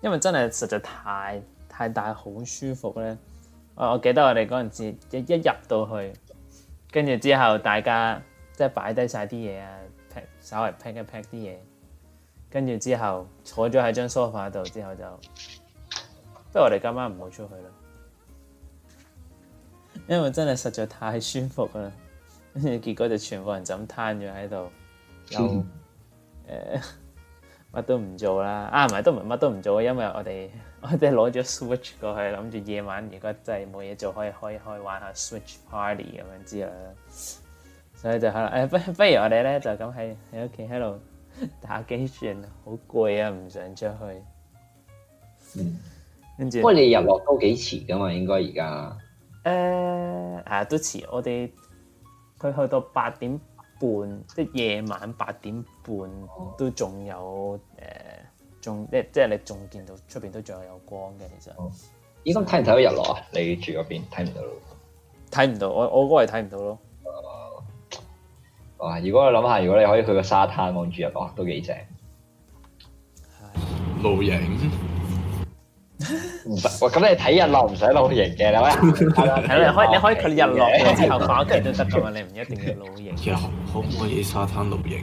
因為真係實在太太大好舒服咧，我、哦、我記得我哋嗰陣時一入到去，跟住之後大家即係擺低晒啲嘢啊，撇稍微撇一撇啲嘢，跟住之後坐咗喺張梳化度之後就，不如我哋今晚唔好出去啦，因為真係實在太舒服啦，跟住結果就全部人就咁攤住喺度，又誒、嗯。乜都唔做啦，啊唔係都唔乜都唔做，因為我哋我哋攞咗 Switch 過去，諗住夜晚如果真係冇嘢做可開，可以可以可以玩下 Switch party 咁樣之類，所以就係誒不不如我哋咧就咁喺喺屋企喺度打機算，好攰啊，唔想出去。嗯，跟住不過你日落都幾遲噶嘛，應該而家誒啊都遲，我哋佢去到八點半即係夜晚八點半都仲有誒，仲、呃、即即係你仲見到出邊都仲係有光嘅。其實，咦、哦，咁睇唔睇到日落啊？你住嗰邊睇唔到咯？睇唔到，我我嗰個係睇唔到咯。哇！如果我諗下，如果你可以去個沙灘望住日落，都幾正。露營。唔使，喂，咁你睇日落唔使露營嘅，你睇你開，你可以佢日落咗之後瞓一覺都得噶嘛，你唔一定要露營。可唔可以沙灘露營？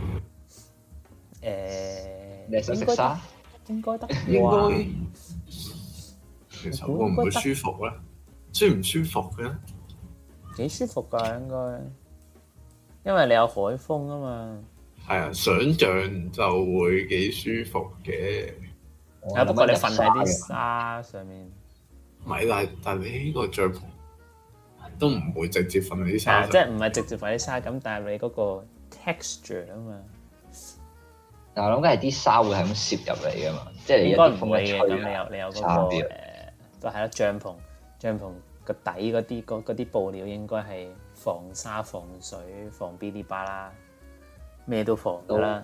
誒，你想食沙？應該得。應該。其實會唔會舒服咧？舒唔舒服嘅？幾舒服噶，應該。因為你有海風啊嘛。係啊，想象就會幾舒服嘅。不過你瞓喺啲沙上面，咪但但你呢個帳篷都唔會直接瞓喺啲沙上，啊，即係唔係直接瞓喺啲沙咁？但係你嗰個 texture 啊嘛，嗱我諗緊係啲沙會係咁攝入嚟噶嘛，即係一啲風一吹的你，你有你有嗰個誒，都係啦，帳篷帳篷個底嗰啲啲布料應該係防沙、防水、防 B B 八啦，咩都防噶啦。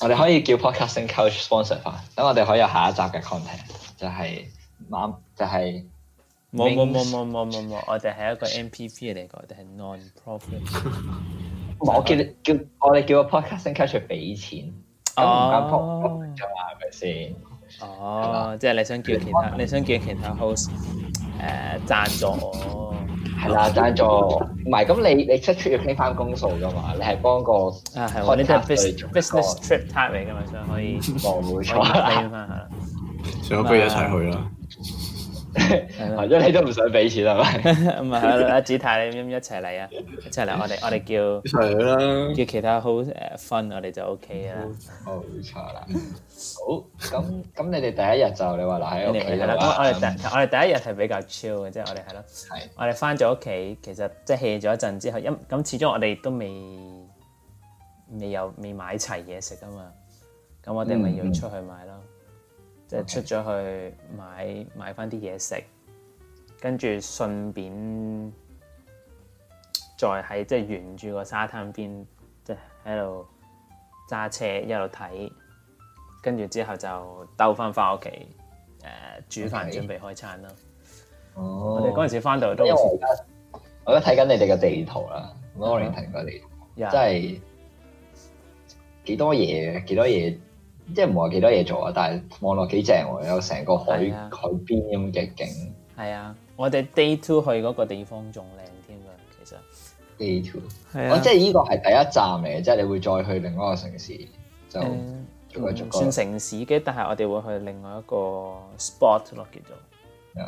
我哋可以叫 podcasting coach sponsor 翻，等我哋可以有下一集嘅 content，就係、是、冇就係冇冇冇冇冇冇冇，我哋係一個 MPP 嚟嘅，我哋係 non-profit。我叫你叫我哋叫個 podcasting coach 俾錢，咁唔敢 call 係咪先？哦、oh, 吧，即係你想叫其他，你想叫其他 host 誒、呃、贊助我。係啦，讚助唔係。咁你你，你出出要傾翻公數噶嘛，你係幫個啊係我啲都係 business trip time 嚟㗎嘛，所以可以望會冇錯，想不如一齊去啦。 因為你都唔想俾錢係咪？咁啊阿子太，你唔一齊嚟啊？一齊嚟 我哋我哋叫啦。叫其他好誒分，uh, fun, 我哋就 O K 啦。好差啦。 好咁咁，你哋第一日就你話嗱喺屋企，我哋第我哋第一日係比較 chill 嘅。i 即係我哋係咯。的我哋翻咗屋企，其實即係 hea 咗一陣之後，因咁始終我哋都未未有未買齊嘢食啊嘛。咁我哋咪要出去買咯。嗯 Okay. 出咗去買買翻啲嘢食，跟住順便再喺即係沿住個沙灘邊，即係喺度揸車一路睇，跟住之後就兜翻翻屋企誒煮飯 Okay. 準備開餐咯。哦、oh！我哋嗰陣時翻到都因為我而家我而家睇緊你哋嘅地圖啦，Lorin 廷嘅地圖，Yeah. 真係幾多嘢幾多嘢。即係唔係幾多嘢做是啊？但係望落幾正喎，有成個海海邊咁嘅景。係啊，我哋 day two 去嗰個地方仲靚添啊，其實。day two，我、啊哦、即係呢個係第一站嚟嘅，即係你會再去另外一個城市就逐個逐個。嗯嗯、算城市嘅，但係我哋會去另外一個 spot 咯，叫做。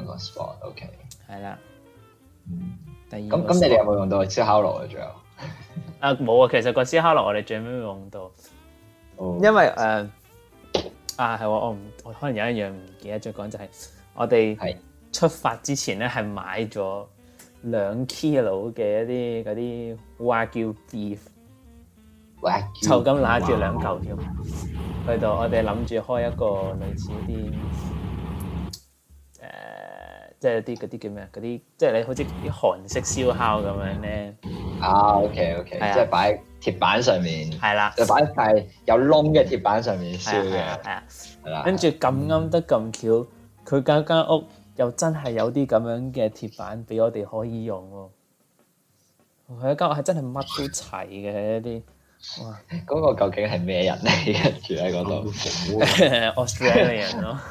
一個 spot，OK、okay。係啦、啊。咁咁、嗯，ot, 你哋有冇用到燒烤爐啊？最後。啊冇啊，其實個燒烤爐我哋最尾用到，哦、因為誒。Uh, 啊，係喎，我唔，我可能有一樣唔記得再講，就係我哋係出發之前咧，係買咗兩 kilo 嘅一啲嗰啲 Wagyu beef，就咁攬住兩嚿添，Wagyu 去到我哋諗住開一個類似啲。即係啲嗰啲叫咩嗰啲，即係你好似啲韓式燒烤咁樣咧。啊、oh，OK OK，啊即係擺喺鐵板上面。係啦、啊，就擺喺有窿嘅鐵板上面燒嘅。係啊，係啦、啊。跟住咁啱得咁巧，佢間間屋又真係有啲咁樣嘅鐵板俾我哋可以用喎、哦。佢間屋係真係乜都齊嘅一啲。哇！嗰個究竟係咩人嚟、啊？住喺嗰度 Australian 咯。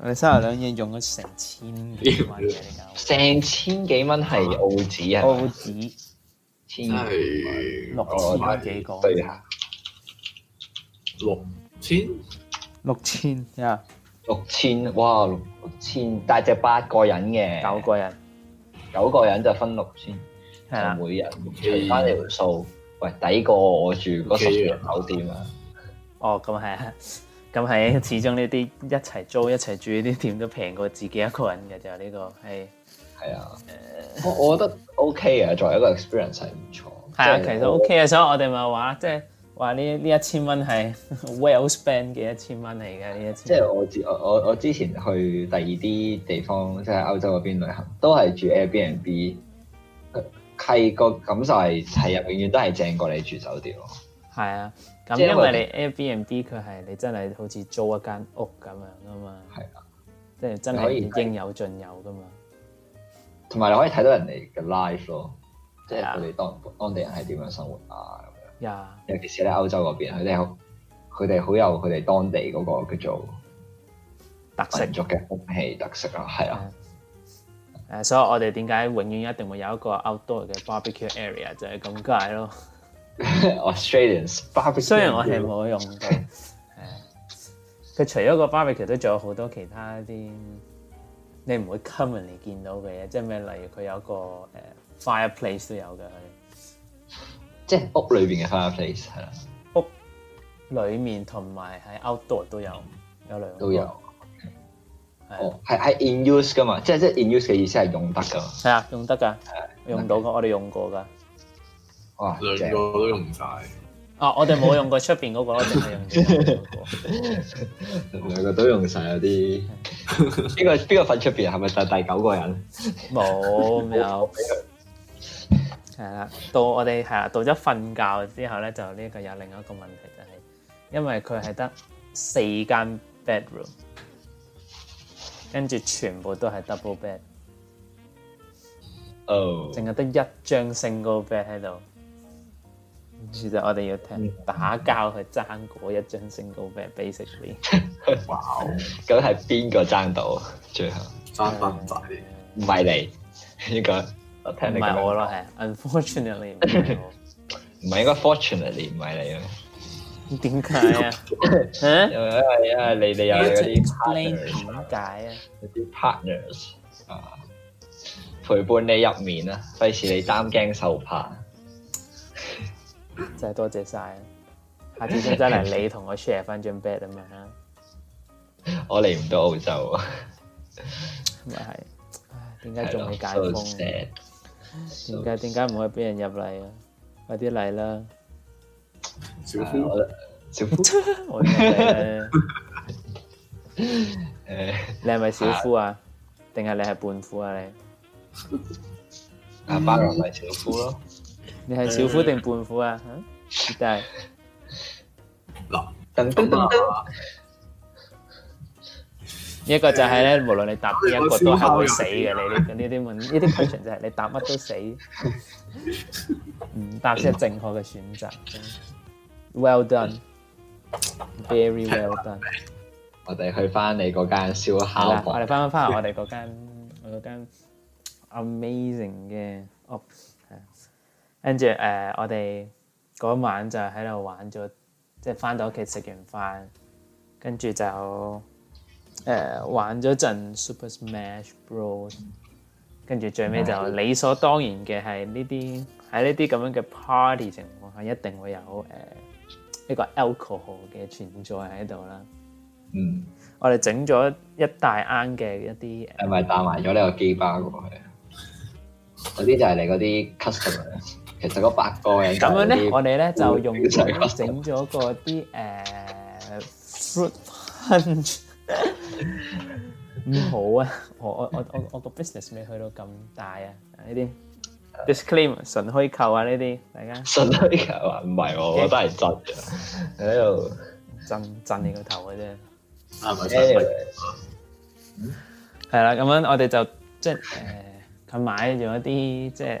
我哋三日兩夜用咗成千幾蚊，成千幾蚊係澳紙啊！澳紙，千係六千蚊幾個？六千，六千呀？六千哇！六千大隻八個人嘅，九個人，九個人就分六千，就每人除翻條數，喂，抵過我住嗰十人酒店啊！哦，咁係啊，咁係始終呢啲一齊租一齊住呢啲店都平過自己一個人嘅，就、這、呢個係係啊。嗯、我我覺得 OK 啊，作為一個 experience 係唔錯。係啊，其實 OK 啊，所以我哋咪話即係話呢呢一千蚊係 well spent 嘅一千蚊嚟嘅呢一千蚊。即係我之我我我之前去第二啲地方，即係歐洲嗰邊旅行，都係住 Airbnb，契個感受係係啊，永遠都係正過你住酒店咯。係啊。咁因為你 Airbnb 佢係你真係好似租一間屋咁樣啊嘛，係啦、啊，即係真係可以應有盡有噶嘛，同埋你可以睇到人哋嘅 life 咯，即係佢哋當、啊、當地人係點樣生活啊咁樣，啊、尤其是喺歐洲嗰邊，佢哋好，佢哋好有佢哋當地嗰個叫做風氣特色嘅屋企特色啊，係啊，誒，所以我哋點解永遠一定會有一個 outdoor 嘅 barbecue area 就係咁解咯。 Australians barbecue，雖然我係冇用嘅，係佢 除咗個 barbecue 都仲有好多其他啲你唔會 commonly 見到嘅嘢，即係咩？例如佢有個誒 fireplace 都有嘅，即係屋裏邊嘅 fireplace 係啦，屋裏面同埋喺 outdoor 都有有兩個都有，係係有的、哦、in use 噶嘛，即係即係 in use 嘅意思係用得噶，係啊，用得噶，的用到嘅，Okay. 我哋用過噶。哦，兩個都用唔晒。哦，我哋冇用過出邊嗰個，淨係用呢個。兩個都用晒有啲，邊個邊個瞓出邊啊？係咪就係第九個人？冇冇。係啦，到我哋係啦，到咗瞓覺之後咧，就呢一個有另外一個問題，就係因為佢係得四間 bedroom，跟住全部都係 double bed，哦，淨係得一張 single bed 喺度。其實我哋要聽打交去爭嗰一張升高 band，basically 哇！咁係邊個爭到最後？爭翻唔曬啲？唔係你，應該唔係我咯，係 unfortunately。唔係 應該 fortunately，唔係你啊？點解啊？啊？因為因為你你有嗰啲 partners 解啊，嗰啲 partners 啊，陪伴你入面啊，費事你擔驚受怕。 真係多謝晒，下次先得嚟你同我 share 翻張 bed 啊嘛！我嚟唔到澳洲，咪係？點解仲未解封啊？點解點解唔可以俾人入嚟啊？快啲嚟啦！小夫，小夫，我嚟啦！誒，你係咪小夫啊？定係你係胖虎啊？阿巴仁係小夫咯。你係小夫定胖虎啊？嗯，真係嗱，等等等，一個就係咧，無論你答邊一個都係會死嘅。你呢，呢啲問呢啲 question 就係你答乜都死，唔答先係正確嘅選擇。Well done，very well done。我哋去翻你嗰間燒烤房，我哋翻翻翻我哋嗰間嗰間 amazing 嘅屋。跟住誒、呃，我哋嗰晚就喺度玩咗，即係返到屋企食完飯，跟住就誒、呃、玩咗陣 Super Smash Bros。跟住最尾就理所當然嘅係呢啲喺呢啲咁樣嘅 party 情況下，一定會有誒、呃、一個 alcohol 嘅存在喺度啦。嗯，我哋整咗一大盎嘅一啲，係咪帶埋咗呢個雞包過去？嗰啲 就係嚟嗰啲 customer。 其實嗰八個人咁樣咧，我哋咧就用整咗嗰啲誒 fruit punch，唔好啊！我我我我我個 business 未去到咁大啊！呢啲 disclaim 純虛構啊！呢啲大家純虛構啊。唔係喎，我都係震嘅，喺度震震你個頭嘅啫，係咪真嘅？係啦，咁樣我哋就即係誒，佢買咗用一啲即係。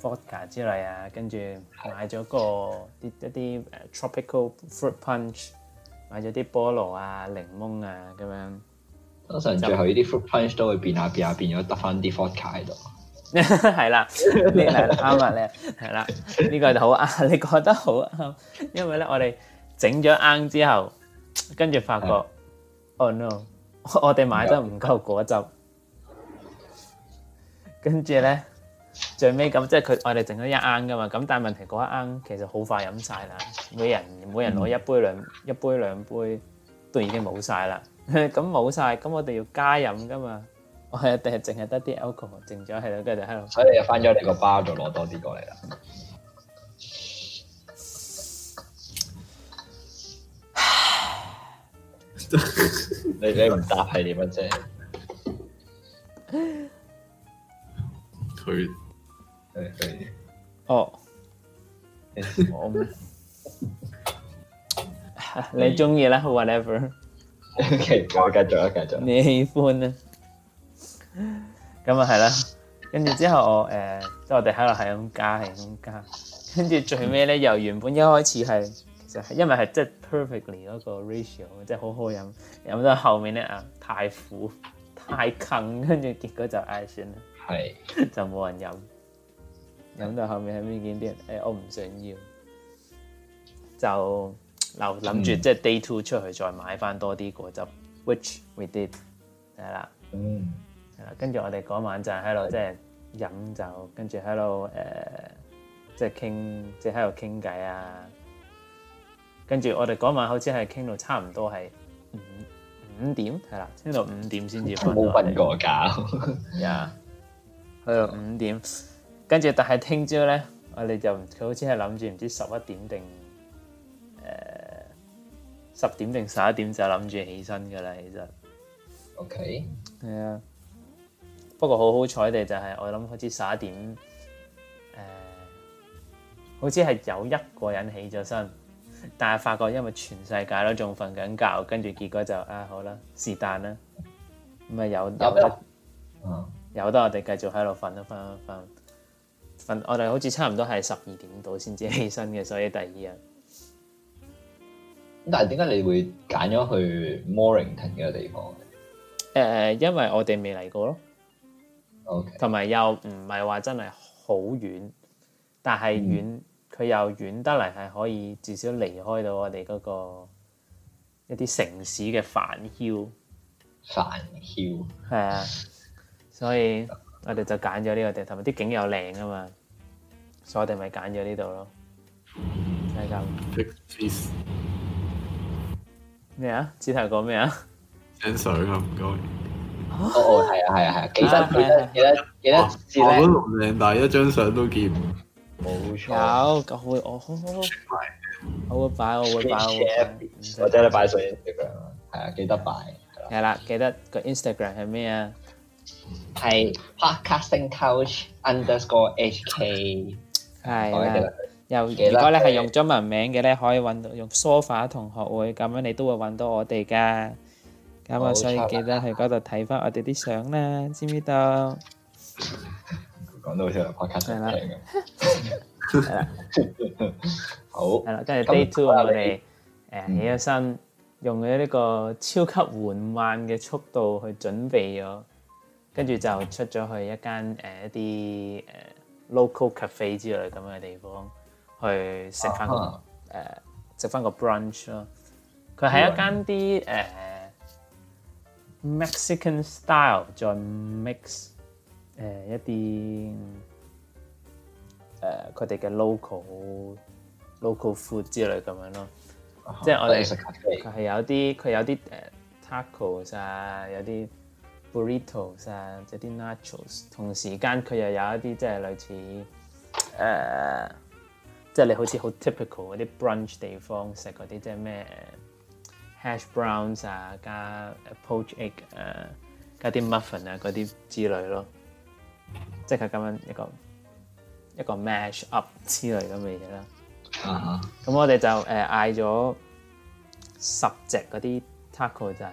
伏特加之類啊，跟住買咗個啲一啲 tropical fruit punch，買咗啲菠蘿啊、檸檬啊咁樣。通常最後呢啲 fruit punch 都會變下變下變咗，得翻啲伏特加喺度。係啦，呢個啱啊，呢係啦，呢個就好啱，你覺得好啱？因為咧我哋整咗啱之後，跟住發覺 oh no，我我哋買得唔夠果汁，跟住咧。最尾咁，即係佢我哋整咗一盎噶嘛，咁但係問題嗰一盎其實好快飲曬啦，每人每人攞一杯兩一杯兩杯都已經冇曬啦，咁冇曬咁我哋要加飲噶嘛，我係淨係得啲 alcohol 剩咗喺度，跟住喺度。佢哋又翻咗嚟個包，就攞多啲過嚟啦。你你唔答係點樣啫？佢。誒，哦，誒， 你中意啦，whatever。OK，我繼續啦，繼續。你喜歡咧？咁啊係啦，跟住、okay, 之後我誒，即、呃、係我哋喺度係咁加係咁加，跟住最尾咧，由原本一開始係，其實係因為係即係 perfectly 嗰個 ratio，即係好好飲，飲到後面咧啊，太苦，太近，跟住結果就唉算啦，係 是就冇人飲。諗到後面係邊件啲人誒我唔想要，就留諗住即係 day two 出去再買翻多啲果汁。Mm. Which we did，係啦，係啦、mm.。跟住我哋嗰晚就喺度即係飲酒，跟住喺度誒，即係傾，即係喺度傾偈啊。跟住我哋嗰晚好似係傾到差唔多係五五點，係啦，傾到五點先至。冇瞓過覺呀！去、yeah. 到 五點。跟住，但係聽朝呢，我哋就佢好似係諗住唔知十一點定呃、十點定十一點就諗住起身噶啦。其實，OK，係啊。不過好好彩地就係、是，我諗好似十一點、呃、好似係有一個人起咗身，但係發覺因為全世界都仲瞓緊覺，跟住結果就啊好啦，是但啦。咁啊有有得，嗯、有得我哋繼續喺度瞓一瞓一瞓。我哋好似差唔多係十二點到先至起身嘅，所以第二日咁，但係點解你會揀咗去 Mornington 嘅地方？誒，uh, 因為我哋未嚟過咯，同埋 Okay. 又唔係話真係好遠，但係遠佢、嗯、又遠得嚟，係可以至少離開到我哋嗰個一啲城市嘅煩囂。煩囂，係啊，所以我哋就揀咗呢個地方，同埋啲景又靚啊嘛～所以我哋咪揀咗呢度咯。係咁。咩啊？字頭講咩啊？張相啊，唔該。哦哦，係啊係啊係啊。記得記得記得記得。我咁靚大一張相都見。冇錯。我會我好好好。我會擺我會擺，我即係擺上 Instagram 啦，係啊，記得擺。係啦，記得個 Instagram 係咩啊？係 Podcasting Couch Underscore HK。係啦，又如果你係用中文名嘅咧，可以揾到用 sofa 同學會咁樣，你都會揾到我哋噶。咁啊，所以記得去嗰度睇翻我哋啲相啦，知唔知道？講到出嚟 podcast 就停啦。好。係啦，跟住 day two 我哋誒起咗身，用咗呢個超級緩慢嘅速度去準備咗，跟住就出咗去一間誒一啲誒。local cafe 之類咁樣嘅地方，去食翻個誒食翻個 brunch 咯。佢係一間啲誒 Mexican style 再 mix 誒一啲誒佢哋嘅 local local food 之類咁樣咯。即係我哋食 cafe，佢係有啲佢有啲誒 tacos 啊，有啲，Burritos 啊，即啲 Nachos，同時間佢又有一啲即係類似誒，即、uh, 係你好似好 typical 嗰啲 brunch 地方食嗰啲、就、即、是、係咩 hash browns 啊，加 poached egg 誒、啊，加啲 muffin 啊嗰啲之類咯，即係佢咁樣一個一個 mash up 之類咁嘅嘢啦。啊咁、uh huh. 嗯、我哋就誒嗌咗十隻嗰啲 taco 仔。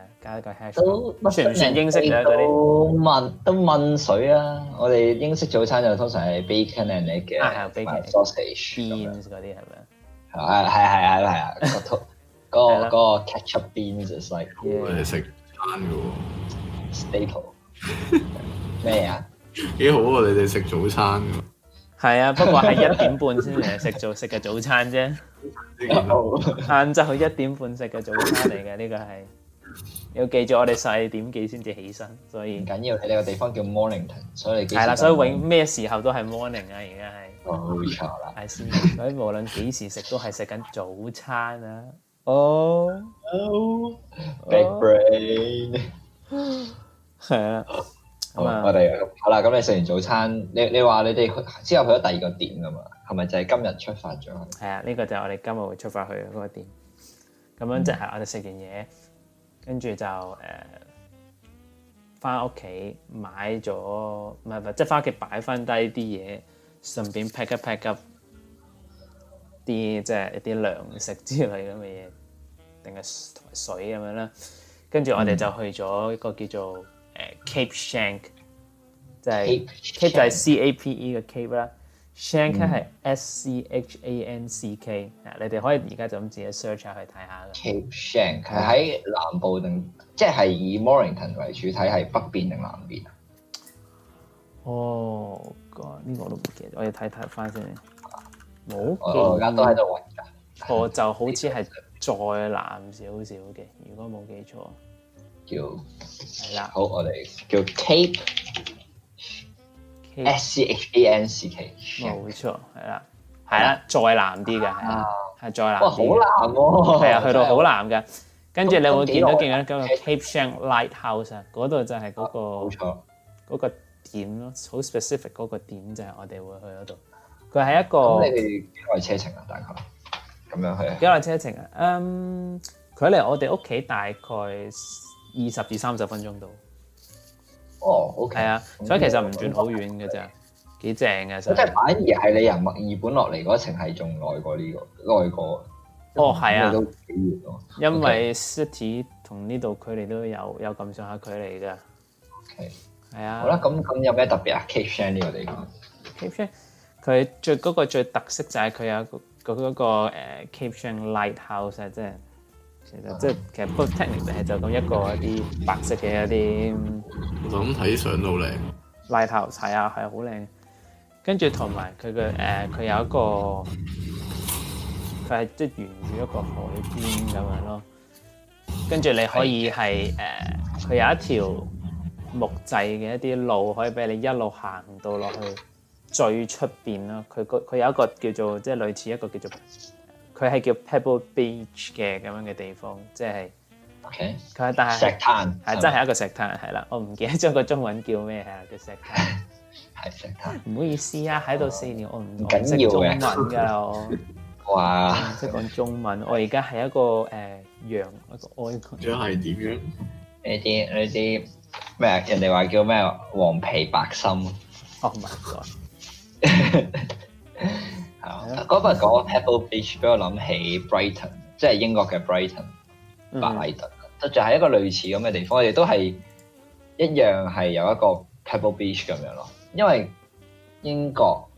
加一個 h a 算唔算英式咧嗰啲？都問都問水啊！我哋英式早餐就通常係 bacon and egg 啊，bacon sausage beans 嗰啲係咪啊？係係係啦係啊！嗰套嗰個嗰個 ketchup beans like 我哋食餐噶 s t a t 咩啊？幾好啊！你哋食早餐係啊！不過係一點半先嚟食早食嘅早餐啫，晏晝佢一點半食嘅早餐嚟嘅呢個係。要記住，我哋十二點幾先至起身，所以唔緊要喺呢個地方叫 Mornington，所以係啦，所以永咩時候都係 morning 啊，而家係冇錯啦，係先，哦，所以無論幾時食 都係食緊早餐啊，哦，big brain，係啊，好嘛，好我哋好啦，咁你食完早餐，你你話你哋去之後去咗第二個點噶嘛，係咪就係今日出發咗？係啊，呢、呢個就係我哋今日會出發去嗰個點，咁樣即係我哋食完嘢。嗯跟住就誒，翻屋企買咗，唔係唔係，即係翻屋企擺翻低啲嘢，順便 pack up pack up 啲即係一啲糧食之類咁嘅嘢，定係水咁樣啦。跟住我哋就去咗一個叫做誒、呃、Cape Shank，就係、Cape、Cape 就係 C A P E 嘅 Cape 啦。Shank 係 S, S C H A N C K，、嗯、你哋可以而家就咁自己 search 下去睇下。Cape Shank 係喺南部定、嗯、即係以 Mornington 為主體係北邊定南邊啊？哦，呢個我都唔記得，我要睇睇返先。冇，我而家都喺度揾㗎。我就好似係再南少少嘅，如果冇記錯。叫係啦。了好，我哋叫 Cape。S, S C H A N 時期，冇錯，係啦，係啦，再難啲嘅，係啊，係再難，哇，好難喎，係啊，去到好難嘅，的跟住你會見到見到嗰個 Cape Schanck Light House，嗰度、啊、就係嗰、那個，冇、啊、錯，嗰個點咯，好 specific 嗰個點就係我哋會去嗰度，佢喺一個，咁你幾耐車程啊？大概，咁樣去啊？幾耐車程啊？嗯，佢離我哋屋企大概二十至三十分鐘到。哦、oh，OK，係啊，所以其實唔轉好遠嘅咋，幾、嗯、正嘅。即、就、係、是、反而係你由墨爾本落嚟嗰程係仲耐過呢、這個，耐過、這個。哦，係啊，都幾遠，因為 City 同呢度距離都有有咁上下距離㗎。係，係啊。好啦，咁咁有咩特別啊？Cape Schanck、這、呢個地方。Cape Schanck，佢最嗰、那個最特色就係佢有嗰、那、嗰個 Cape Schanck Lighthouse 啊，即、那、啫、個。呃其實即係其實 both technical 係就咁一個一啲白色嘅一啲，我就咁睇相到咧，拉頭係啊，係好靚。跟住同埋佢嘅誒，佢、呃、有一個，佢係即係沿住一個海邊咁樣咯。跟住你可以係誒，佢、呃、有一條木製嘅一啲路，可以俾你一路行到落去最出邊咯。佢個佢有一個叫做即係類似一個叫做。佢係叫 Pebble Beach 嘅咁樣嘅地方，即係佢係但係石灘係真係一個石灘係啦，我唔記得將個中文叫咩係啊，個石灘係石灘。唔好意思啊，喺度四年我唔識中文㗎啦，我唔識講中文，我而家係一個誒養一個愛犬。養係點樣？呢啲呢啲咩啊？人哋話叫咩？黃皮白心。我唔識。係啊，嗰份講 pebble beach 俾我諗起 Brighton，即係英國嘅 Brighton，白禮、嗯、頓，就係一個類似咁嘅地方，我哋都係一樣係有一個 pebble beach 咁樣咯。因為英國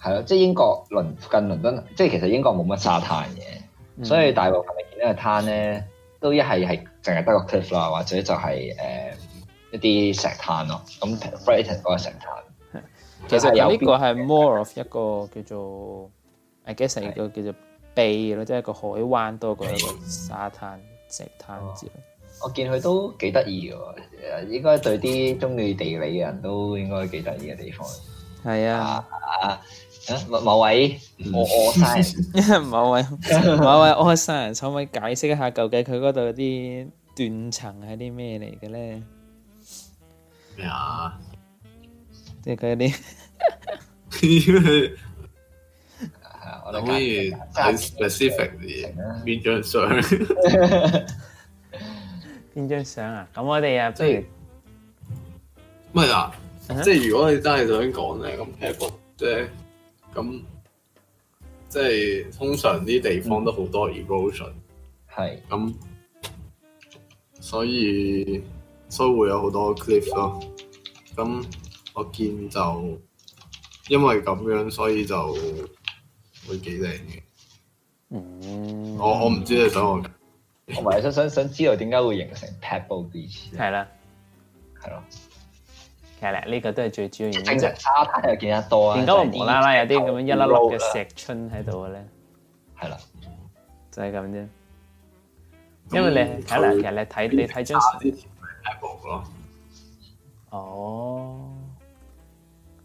係咯，即係、就是、英國鄰近倫敦，即、就、係、是、其實英國冇乜沙灘嘅，嗯、所以大部分嘅見到嘅灘咧都一係係淨係得個 cliff 啦，或者就係、是、誒、呃、一啲石灘咯。咁 Brighton 嗰個石灘。其實有呢個係 more of 一個叫做 I guess 係叫叫做 bay 咯，即係個海灣多過一個沙灘、石灘之類。我見佢都幾得意嘅喎，應該對啲中意地理嘅人都應該幾得意嘅地方。係啊啊啊！某位，我我山，某位，某位，我山，可唔可以解釋一下究竟佢嗰度啲斷層係啲咩嚟嘅咧？咩啊？即係嗰啲。 我諗不如係 specific 啲，邊張相？邊張相啊？咁我哋即啊，不如唔係啊？即係如果你真係想講咧，咁第一個即係咁，即係、即係、通常啲地方都好多 erosion，係咁、嗯，所以所以會有好多 cliff 咯。咁我見就。因為咁樣，所以就會幾靚嘅。嗯。我我唔知你想我。我咪想想想知道點解會形成 pebble 啲？係啦了，係咯。其實呢個都係最主要原因。其實沙灘又見得多啊。點解我無啦啦有啲咁樣一粒粒嘅石春喺度咧？係啦了，就係咁啫。因為你睇嚟都會 其實你睇你睇看張沙啲前咪 pebble 咯。哦。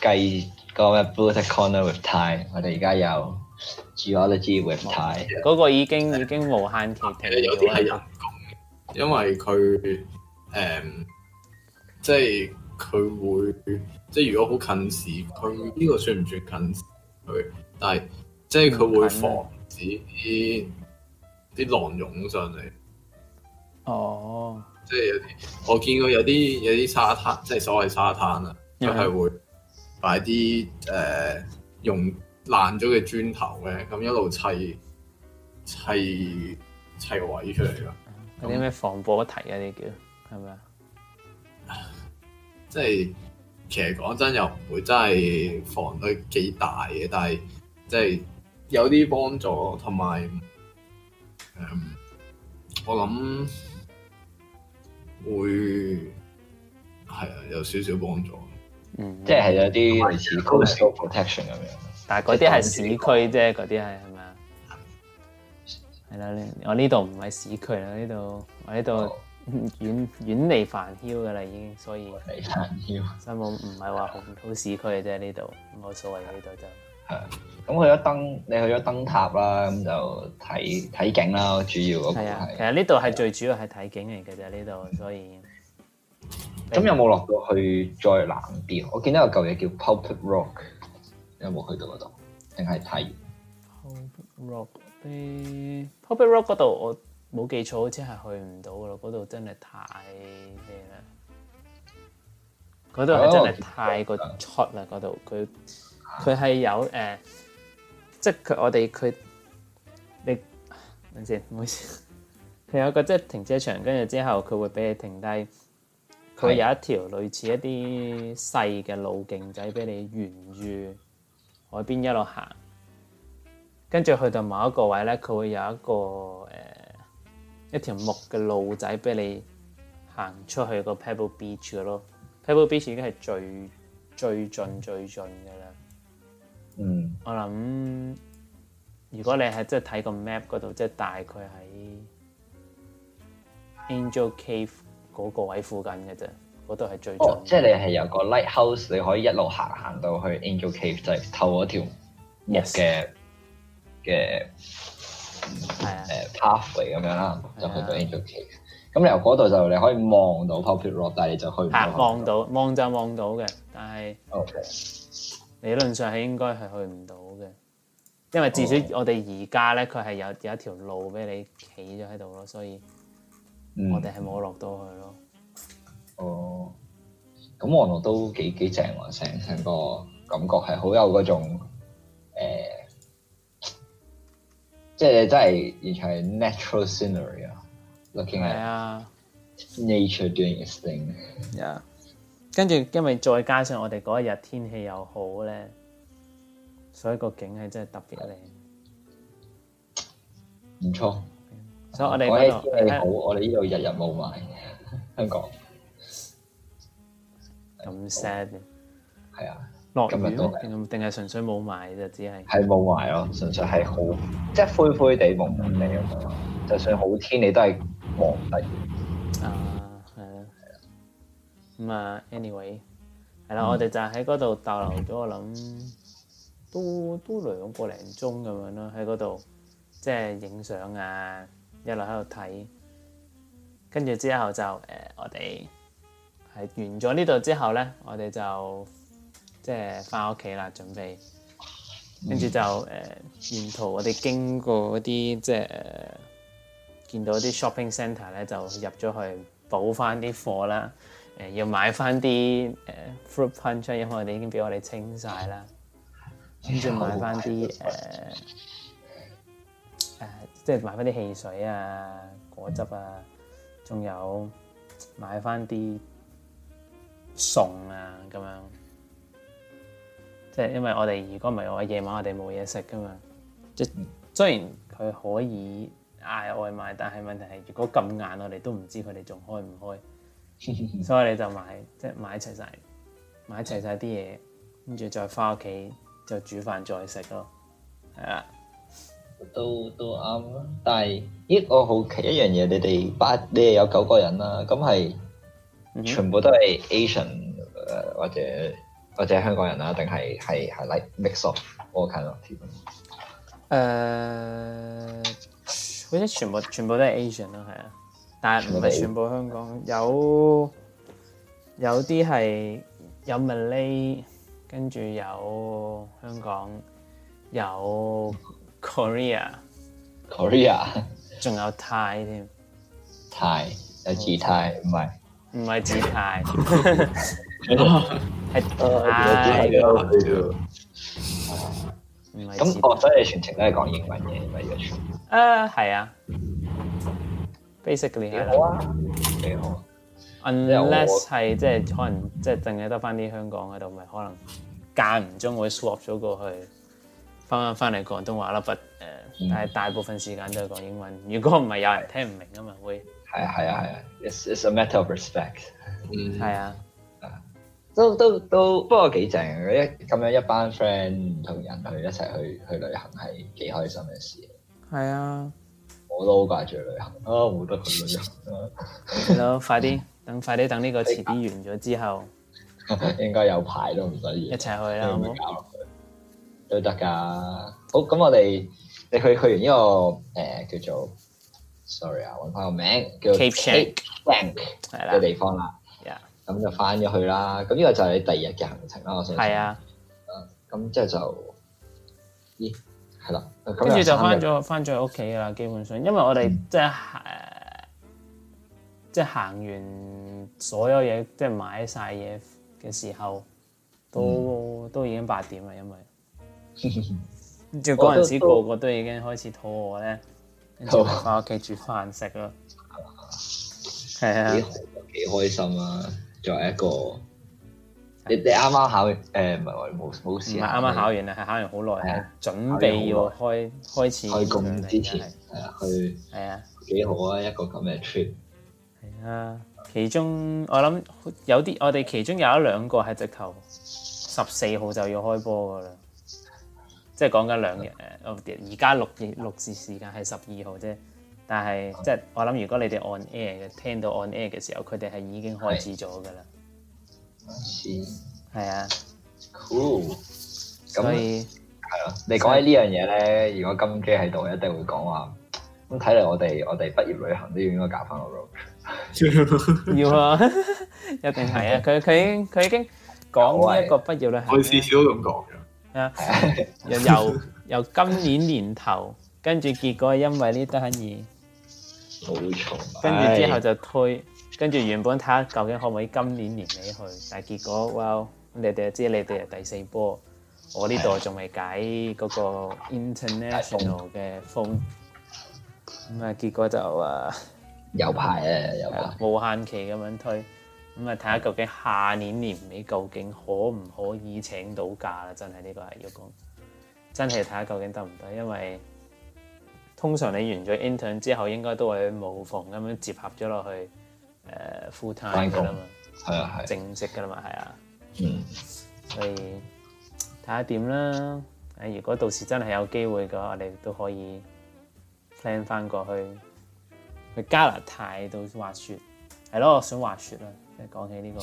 計個咩？Bullet Corner with Gtai，我哋而家有 Geology with Gtai。嗰、那個已經已經無限期停咗。其實有啲係人工嘅，因為佢誒、嗯，即係佢會，即係如果好近時，佢呢、這個算唔算近？佢，但係即係佢會防止啲啲、哦、浪湧上嚟。哦，即係有啲，我見過有啲有啲沙灘，即係所謂沙灘啊，都係會。嗯擺啲誒用爛咗嘅磚頭咧，咁一路砌砌砌，砌位出嚟咯。嗰啲咩防波堤啊啲叫係咪啊？那是是即係其實講真又唔會真係防得幾大嘅，但係即係有啲幫助同埋，嗯，我諗會係啊，有少少幫助。嗯，即係有啲類似 coastal protection 咁樣，嗯、但係嗰啲係市區啫，嗰啲係係咪啊？係啦，我呢度唔係市區啦，呢度我呢度、哦、遠遠離煩囂嘅啦，已經，所以我離煩囂，即係冇唔係話好好市區嘅啫，呢度冇所謂的，呢度就係咁去咗燈，你去咗燈塔啦，咁就睇睇景啦，主要嗰個係啊，其實呢度係最主要係睇景嚟嘅啫，呢度所以。嗯咁有冇落過去再冷啲？我見到有舊嘢叫 Pulpit Rock，你有冇去到嗰度？定係太遠 Pulpit Rock 啲 Pulpit Rock 嗰度我冇記錯，好似係去唔到咯。嗰度真係太咩啦？嗰度真係太，對真太過 hot 啦！嗰度佢佢係有誒，uh, 即係佢我哋佢你等先，唔好意思，佢有一個即係停車場，跟住之後佢會俾你停低。佢有一條類似一啲細嘅路徑仔俾你沿住海邊一路行，跟住去到某一個位咧，佢會有一個誒、呃、一條木嘅路仔俾你行出去個 Pebble Beach 嘅咯。Pebble Beach 已經係最最盡最盡嘅啦。嗯，我諗如果你係真係睇個 map 嗰度，即係大概喺 Angel Cave。嗰個位附近嘅啫，嗰度係最盡。Oh, 即係你係由個 lighthouse 你可以一路行行到去 Angel Cave，就係透嗰條日嘅嘅誒 pathway 咁樣啦，就去到 Angel Cave。咁由嗰度就你可以望到 Pulpit Rock，但係你就去唔 Yeah, 睇到。望到望就望到嘅，但係，OK，理論上係應該係去唔到嘅，因為至少我哋而家咧，佢係有有一條路俾你企咗喺度咯，所以。嗯、我哋係冇落到去咯。嗯、哦，咁望落都幾幾正喎，成成個感覺係好有嗰種誒、欸，即係真係完全係 natural scenery 啊。looking at nature doing its thing、啊。 yeah. 跟住因為再加上我哋嗰一日天氣又好咧，所以個景係真係特別靚。唔錯、嗯。所以你好，我哋呢度日日霧霾，香港。咁 sad，係啊。今日都係，落定係純粹霧霾啫，只係。係霧霾咯，純粹係好，即係灰灰地、朦朦地啊！就算好天，你都係黃地。啊，係啊。咁啊，anyway，係啦，我哋就喺嗰度逗留咗，我諗都都兩個零鐘咁樣啦，喺嗰度即係影相啊。一路喺度睇，跟住之後就誒、呃，我哋係完咗呢度之後咧，我哋就即係翻屋企啦，準備。跟住就誒、呃，沿途我哋經過嗰啲即係誒、呃，見到啲 shopping centre e 咧，就入咗去補翻啲貨啦。誒、呃，要買翻啲誒 fruit punch，因為我哋已經俾我哋清晒啦。跟住買翻啲誒。呃即係買翻啲汽水啊、果汁啊，仲有買翻啲餸啊咁樣。即係因為我哋如果唔係我夜晚我哋冇嘢食㗎嘛。即雖然佢可以嗌外賣，但係問題係如果咁晏我哋都唔知佢哋仲開唔開。 所以你就買即係買齊晒，買齊晒啲嘢，跟住再翻屋企就煮飯再食咯。係啊。都都啱，但係咦我好奇一樣嘢，你哋八你哋有九個人啦，咁係全部都係 Asian 誒，或者或者香港人啊，定係係係 like mix of or kind of team 誒？好似全部全部都係 Asian 咯。係啊，但係唔係全部香港，有有啲係有 Malay，跟住有香港有。Korea，Korea，仲 Korea？有泰添，泰，有字泰，唔係，唔係字泰，係泰。咁哦、 嗯，覺得你全程都係講英文嘅？唔係嘅。誒係啊，basically 幾好啊，幾 好、啊。Unless 係即係可能即係淨係得翻啲香港喺度，咪、就是、可能間唔中會 swap 咗過去。啱翻嚟廣東話啦，但係大，大部分時間都係講英文。如果唔係，有人聽唔明啊嘛，的會係啊係啊係啊。It's a matter of respect。係啊，都都都，不過幾正一咁樣一班 friend 同人一去一齊去去旅行係幾開心嘅事啊！係的啊，我都好掛住旅行啊！冇得咁樣，係咯，快啲等快啲等呢、呢個遲啲完咗之後， 應該有排都唔使嘢，一齊去啦！都得噶。好，咁我哋你去去完呢、這個誒、呃、叫做，sorry 啊，搵翻個名叫做 Cape Schanck 嘅地方啦，咁 Yeah. 就翻咗去啦。咁呢個就係你第二日嘅行程啦。我想係啊，咁即係就，咦、欸，係啦，跟、嗯、住就翻咗翻咗屋企啦。基本，嗯、基本上，因為我哋即係誒，即係行完所有嘢，即、就、係、是、買晒嘢嘅時候，都、嗯、都已經八點啦，因為。就嗰陣時，個個都已經開始肚餓咧，跟住翻屋企煮飯食咯，係啊，幾開心啊！作為一個，你你啱啱考誒唔係冇冇事唔係啱啱考完啊，係考完好耐啊，準備要開開始開工之前係啊，去係啊，幾好啊！一個咁嘅 trip 係啊，其中我諗有啲我哋其中有一兩個係直頭十四號就要開波噶啦。即係講緊兩日誒，而家錄錄字時間係十二號啫。但係即係我諗，如果你哋 on air 嘅，聽到 on air 嘅時候，佢哋係已經開始咗噶啦。係啊，cool。所以係啊，你講起呢樣嘢咧，如果金姐喺度，我一定會講話。咁睇嚟，我哋我哋畢業旅行都要應該搞翻個 road。要啊，一定係啊。佢佢佢已經講一個畢業旅行。佢至少都咁講。啊！由由由今年年頭跟住，結果，因為呢單嘢冇跟住之後就推，跟住唉原本睇下究竟可唔可以今年年尾去，但結果哇、wow，你哋就知你哋係第四波，我呢度仲未解嗰個 international 嘅風，咁啊結果就啊、嗯、有排咧，有排無限期咁樣推。咁啊，睇下究竟下年年尾究竟可唔可以請到假啦？真係呢個係要講，真係睇下究竟得唔得？因為通常你完咗 intern 之後應該都會無縫咁樣接合咗落去誒 full time 噶啦嘛，係啊係，啊正式噶啦嘛係啊，嗯，所以睇下點啦。誒，如果到時真係有機會嘅話，我哋都可以 plan 翻過去去加拿大度滑雪，係咯，我想滑雪啦。講起呢個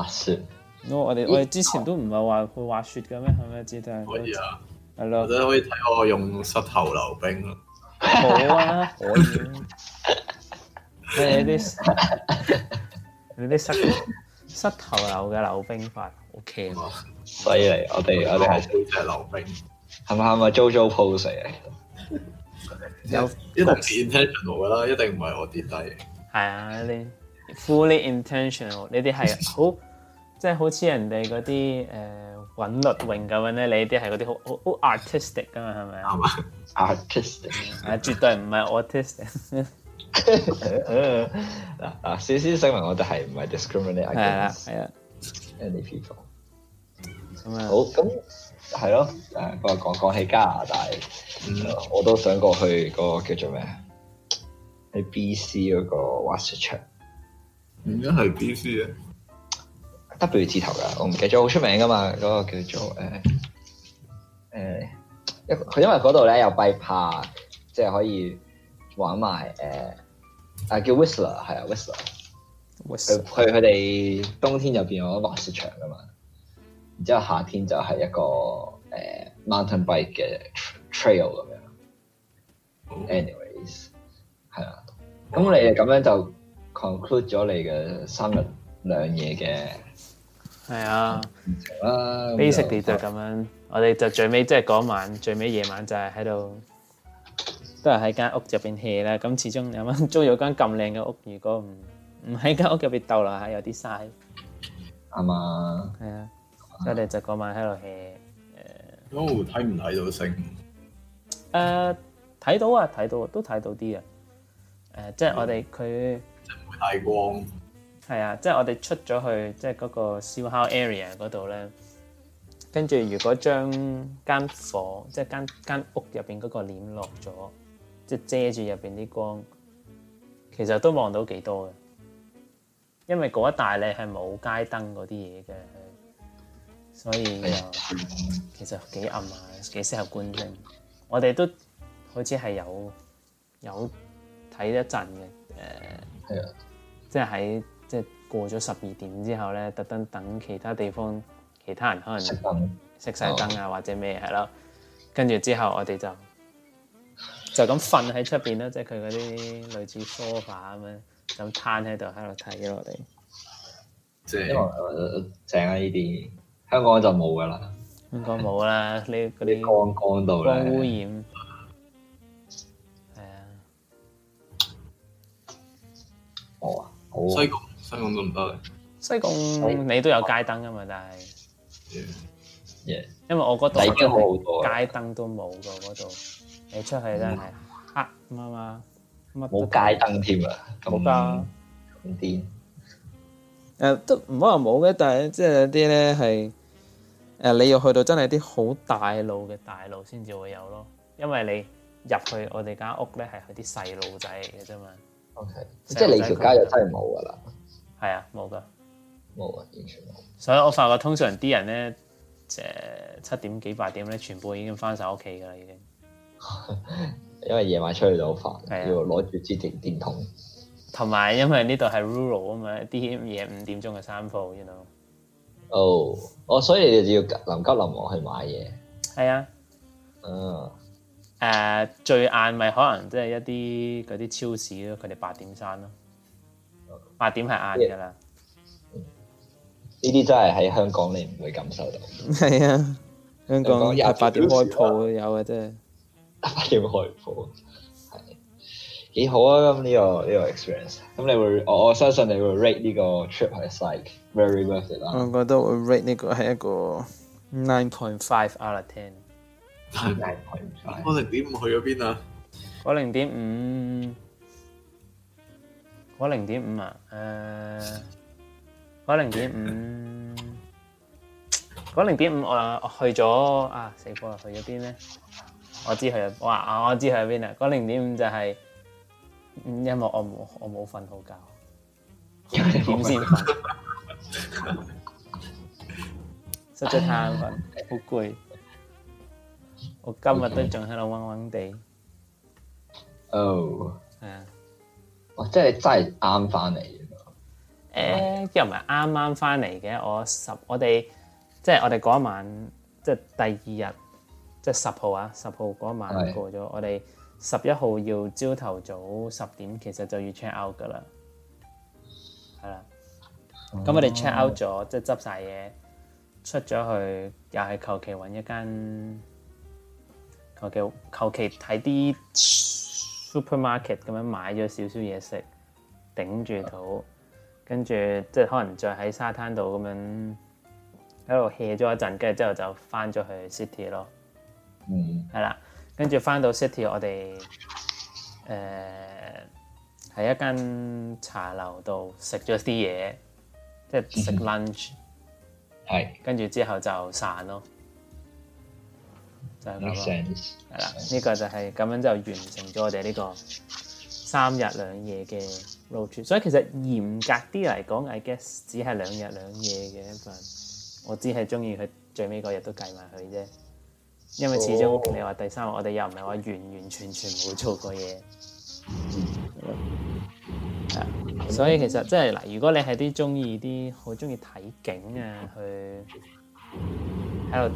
滑雪，我我哋我哋之前都唔係話去滑雪嘅咩？係咪先？可以啊，係咯，你可以睇我用膝頭溜冰咯。好啊，可以。你啲你啲膝膝頭溜嘅溜冰法，O K 喎，犀利！我哋我哋係背脊溜冰，係咪係咪做做 pose 嚟？有一定 potential 噶啦，一定唔係我跌低。係啊，呢。Fully intentional，你哋係好即係好似人哋嗰啲誒韻律泳咁樣咧，你啲係嗰啲好好好 artistic 㗎嘛係咪啊 ？Artistic 啊，絕對唔係 artistic。嗱嗱，少少聲明，我哋係唔係 discriminate against、啊啊、any people？ 麼好咁係咯，誒，不過、啊啊、講講起加拿大，嗯、我都想過去個叫做咩喺 BC 嗰個滑雪場。點解係 B.C. 啊？W 字頭噶，我唔記得咗，好出名噶嘛，嗰、那個叫做誒誒，一、欸、佢、欸、因為嗰度咧有 bike park 即係可以玩埋誒、欸、啊叫 Whistler 係啊 Whistler，Whistler 佢佢哋冬天就變咗滑雪場噶嘛，然之後夏天就係一個誒、欸、mountain bike 嘅 trail 咁樣、oh.，anyways 係啊。咁我哋咁樣就 conclude 咗你嘅三日兩夜嘅係啊，basically 就咁樣。嗯、我哋就、嗯、就最尾即係嗰晚，最尾夜晚就係喺度都係喺間屋入邊 hea 啦。咁始終你阿媽租咗間咁靚嘅屋，如果唔唔喺間屋入邊逗留，係有啲嘥係嘛？係、嗯、啊，啊嗯、啊我哋就嗰晚喺度 hea。都睇唔睇到星？誒、呃，睇到啊，睇到、啊，都睇到啲啊。誒、呃，即、就、係、是、我哋佢。嗯太光，係啊！即係我哋出咗去，即係嗰個燒烤 area 嗰度咧，跟住如果將間房，即係間間屋入邊嗰個簾落咗，即係遮住入邊啲光，其實都望到幾多嘅，因為嗰一帶呢係冇街燈嗰啲嘢嘅。所以的其實幾暗啊，幾適合觀星。我哋都好似係有有睇一陣嘅，誒，係啊。即係喺即係過咗十二點之後咧，特登等其他地方其他人可能熄晒燈啊，或者咩係咯。跟住之後我哋就就咁瞓喺出邊啦，即係佢嗰啲類似 sofa 咁樣咁攤喺度喺度睇落嚟。即係因為淨係依啲香港就冇㗎啦，應該冇啦。光光呢啲乾乾度光污染。西貢西貢都唔得嘅，西貢你都有街燈噶嘛？但係，因為我嗰度街燈都冇噶嗰度，你出去真係黑啊嘛，乜都冇街燈添啊，好啲，誒，都唔可能冇嘅，但係即係有啲咧係，誒，你要去到真係啲好大路嘅大路先至會有咯，因為你入去我哋間屋咧係去啲細路仔嚟嘅啫嘛。Okay. 即係你條街又真係冇噶啦，係啊，冇噶，冇啊，完全冇。所以我發覺通常啲人咧，即係七點幾八點咧，全部已經翻晒屋企噶啦，已經。 因為夜晚出去就好煩，係啊、要攞住支電電筒，同埋因為呢度係 rural 啊嘛，啲嘢五點鐘嘅衫褲，you know。哦，我所以你就要臨急臨忙去買嘢。係啊。嗯。Uh. 誒最晏咪可能即係一啲嗰啲超市咯，佢哋八點閂咯，八點係晏嘅啦。呢啲真係喺香港你唔會感受到。係啊，香港係八點開鋪有嘅真係。八點開鋪係幾好啊！咁呢個呢個 experience，咁你會，我相信你會 rate 呢個 trip 係 like very worth it 啦。我覺得會 rate 呢個係一個 nine point five out of ten。我零點五去咗邊啊？我零點五，我零點五啊？誒，我零點五，我零點五誒，去咗啊？四個去咗邊咧？我知去啊！我我知去邊啦！個零點五就係，因為我冇我冇瞓好覺，點先？實在太眼瞓，好攰。我今日都仲喺度嗡嗡地。哦，係啊，哇，即係真係啱翻嚟，誒，呃、的又唔係啱啱翻嚟嘅，我十我哋即係我哋嗰一晚，即係第二日，即係十號啊，十號嗰一晚過咗，的我哋十一號要朝頭早十點，其實就要 check out 噶啦，係啦、啊。咁、嗯、我哋 check out 咗，即係執晒嘢，出咗去，又係求其搵一間。我叫求其睇啲 supermarket 咁樣買咗少少嘢食，頂住肚，跟住即係可能再喺沙灘度咁樣喺度歇咗一陣，跟住之後就翻咗去 city 咯。嗯，係啦，跟住翻到 city，我哋誒喺一間茶樓度食咗啲嘢，即係食 lunch，係跟住、嗯、之後就散咯。就係啦、呢個，係啦、呢個就係咁樣就完成咗我哋呢個三日兩夜嘅 road trip。所以其實嚴格啲嚟講，I guess 只係兩日兩夜嘅一份。我只係中意佢最尾嗰日都計埋佢啫。因為始終你話第三日，我哋又唔係話完完全全冇做過嘢。係啊，所以其實真係嗱，如果你係啲中意啲好中意睇景啊，去喺度，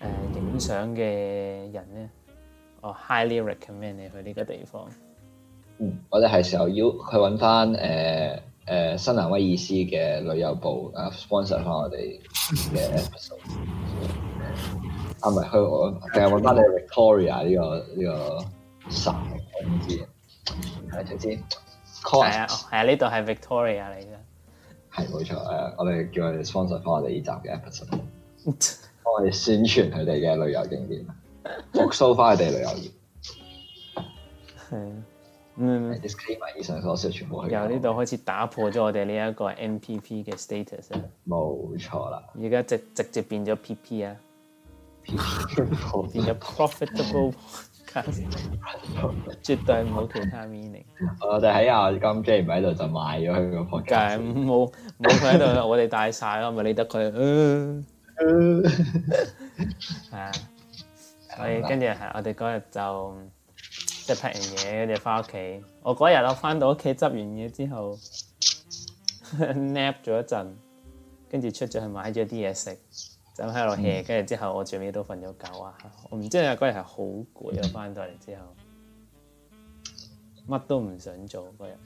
誒影相嘅人咧，我 highly recommend 你去呢個地方。嗯，我哋係時候要去揾翻誒誒新南威爾斯嘅旅遊部啊、uh,，sponsor 翻我哋嘅 episode。 啊，唔係去我，定係揾翻你 Victoria 呢、這個呢、 這個城、這個，我唔知 啊。睇下先，係啊，係呢度係 Victoria 嚟噶。係冇錯，誒、uh,，我哋叫佢 sponsor 翻我哋依集嘅 episode。 我哋宣傳佢哋嘅旅遊景點，復蘇翻佢哋旅遊業係啊，嗯，呢以上所說全部由呢度開始打破咗我哋呢一個 MPP 嘅 status 冇錯啦，而家直直接變咗 PP 啊， 變咗 profitable， 絕對冇其他 meaning。 我哋喺阿金 Jay 唔喺度就賣咗佢個 project 冇冇佢喺度，我哋帶晒咯，咪理得佢。嗯係 啊，所以跟住係我哋嗰日就即係拍完嘢，跟住翻屋企。我嗰日，就是，我翻到屋企執完嘢之後，nap 咗一陣，跟住出咗去買咗啲嘢食，就喺度 hea。跟住之後我最尾都瞓咗覺啊。我唔知啊，嗰日係好攰啊，翻到嚟之後乜都唔想做嗰日。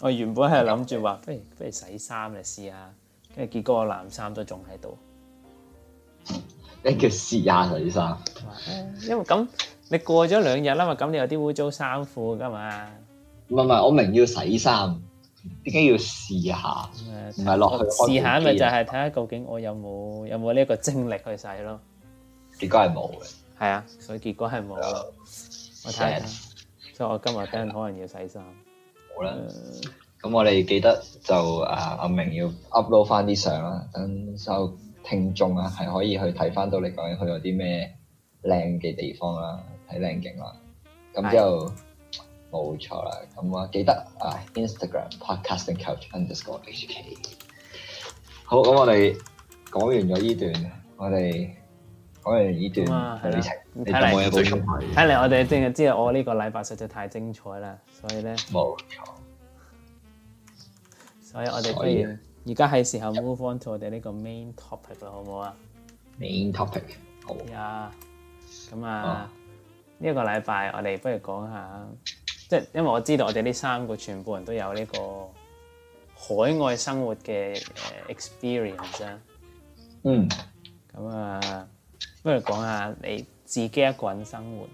我原本係諗住話，不如不如洗衫嚟試下，跟住結果個藍衫都仲喺度。你叫試下洗衫，因為咁你過咗兩日啦嘛，咁你有啲污糟衫褲噶嘛？唔係唔係，我明要洗衫，點解要試下？唔係落去試下咪就係睇下究竟我有冇有冇呢一個精力去洗咯？結果係冇嘅，係啊，所以結果係冇。我睇下，所以我今日真可能要洗衫。好啦，咁我哋記得就啊，我明要 upload 翻啲相啦，等收。聽眾啊，係可以去睇翻到你講去有啲咩靚嘅地方啦，睇靚景啦。咁之後冇的錯啦。咁我、啊、記得啊、uh，Instagram podcastingcoach underscore hk。好，咁我哋講完咗依段，我哋講完呢段旅程。睇嚟我哋，睇嚟我哋淨係知道我呢個禮拜實在太精彩啦，所以咧冇。錯所以我哋可以。而家係時候 move on to 我哋呢個 main topic 啦，好唔好啊？Main topic，好，好。呀，咁啊，呢一、oh. 個禮拜我哋不如講下，即係因為我知道我哋呢三個全部人都有呢個海外生活嘅 experience 啊。嗯。咁啊，不如講下你自己一個人生活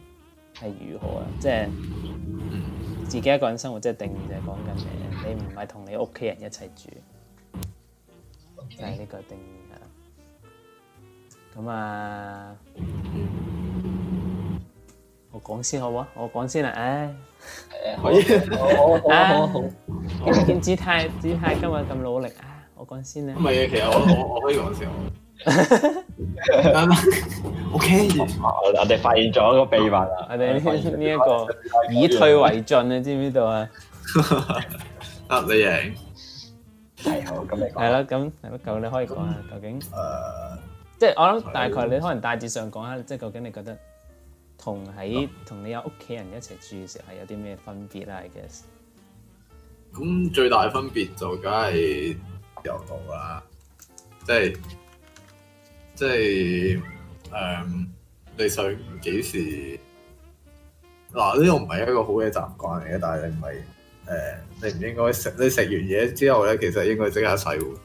係如何啊？即係自己一個人生活，即係定義就係講緊你，你唔係同你屋企人一齊住。就係呢個定義啦。咁啊，我講先好啊，我講先啊。唉，可以， 好，好，好，好。見見子泰，子泰好好今日咁努力啊！我講先啊。唔係啊，其實我 我我可以講先啊。O K，我哋發現咗一個秘密啊！我哋呢一個、這個、以退為進， 你知唔知道啊？得，你贏。係 好，咁你係咯，咁，咁，你可以講下究竟，誒、呃，即係我諗大概，你可能大致上講下，即係的究竟你覺得同喺同你有屋企人一齊住嘅時候係有啲咩分別啦？I、嗯、guess，咁最大分別就梗係自由度啦，即係即係誒，你想幾時？嗱、啊，呢個唔係一個好嘅習慣嚟嘅，但係你唔係。誒，你唔應該食，你食完嘢之後咧，其實應該即刻洗碗。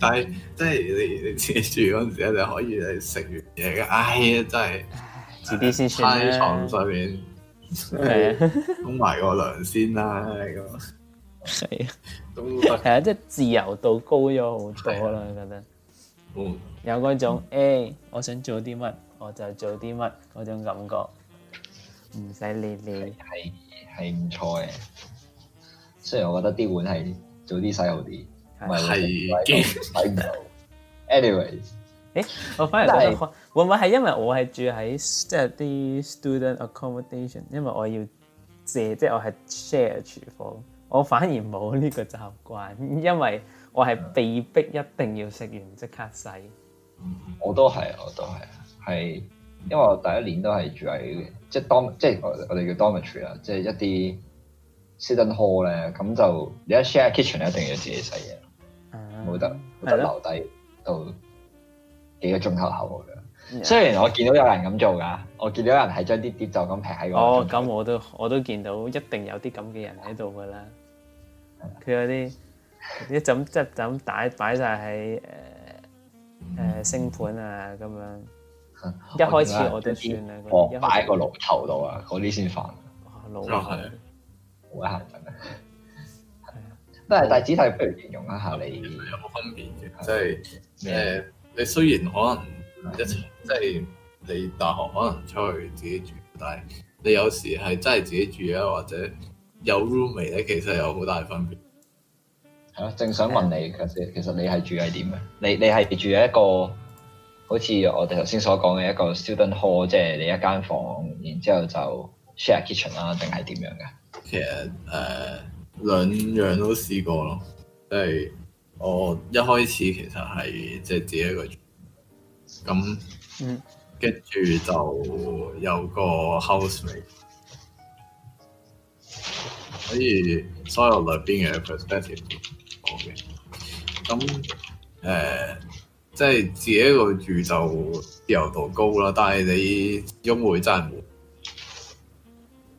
但係即係你你自己住嗰陣時咧，你可以嚟，食完嘢嘅。哎呀，真係，遲啲先算。咧，喺床上面沖埋個涼先啦咁。係啊，都係啊，即係自由度高咗好多啦，我覺得。嗯。有嗰種誒，我想做啲乜，我就做啲乜嗰種感覺。唔使理你，係係唔錯嘅。雖然我覺得啲碗係早啲洗好啲，唔係驚洗到。anyway，誒，我反而覺得會唔會係因為我係住喺即係啲 student accommodation，因為我要借，即係我係 share 廚房，我反而冇呢個習慣，因為我係被逼一定要食完即刻洗。我都係，我都係，係。因為我第一年都係住喺，即係 d 即係我哋叫 dormitory r 啊，即係一啲 shared hall 咧，咁就你一 share kitchen 一定要自己洗嘢冇、啊、得冇得留低到幾個鐘頭後嘅。嗯、雖然我見到有人咁做㗎，我見到有人係將啲碟就咁劈喺個。哦，咁我都我都見到，一定有啲咁嘅人喺度㗎啦。佢、啊、有啲一陣即係一陣擺晒喺誒誒星盤啊咁樣。一開始我，算我，我都算我擺喺個爐頭度啊，嗰啲先煩。係啊，好閪難真啊。Oh, uh, 不過、oh. 但係只係不如形容一下你，有冇分別嘅？Uh. 即係，誒、yeah. 呃，你雖然可能一、yeah. 即係你大學可能出去自己住，但係你有時係真係自己住啊，或者有 roommate 咧，其實有好大分別。啊，正想問你，其實、uh. 其實你係住係點嘅？你你係住喺一個？好似我哋頭先所講嘅一個 student hall，即係你一間房，然之後就 share kitchen 啦，定係點樣嘅？其實誒兩樣都試過咯，即係我一開始其實係即係自己一個住，咁嗯，跟住就有個 housemate，可以所有裏邊嘅 perspective，好嘅，咁誒。Uh, 即係自己一個住就自由度高啦，但係你 roomie 真係冇。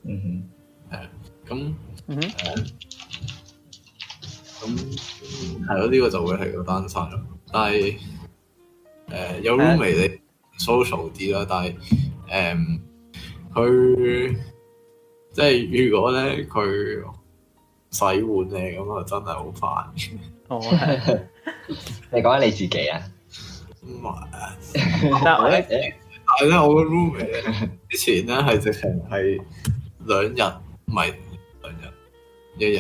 嗯哼，係啊，咁，嗯哼，係啊，咁係咯，呢個就會係個單身咯。但係，誒有 roomie 你 social 啲啦，但係，誒、呃、佢 Yeah.、呃、即係如果咧佢洗碗咧，咁啊真係好煩。哦，你講緊你自己啊？唔係，但係咧，但係咧，我個 roommate 咧，之前咧係直情係兩日，唔係兩日，一日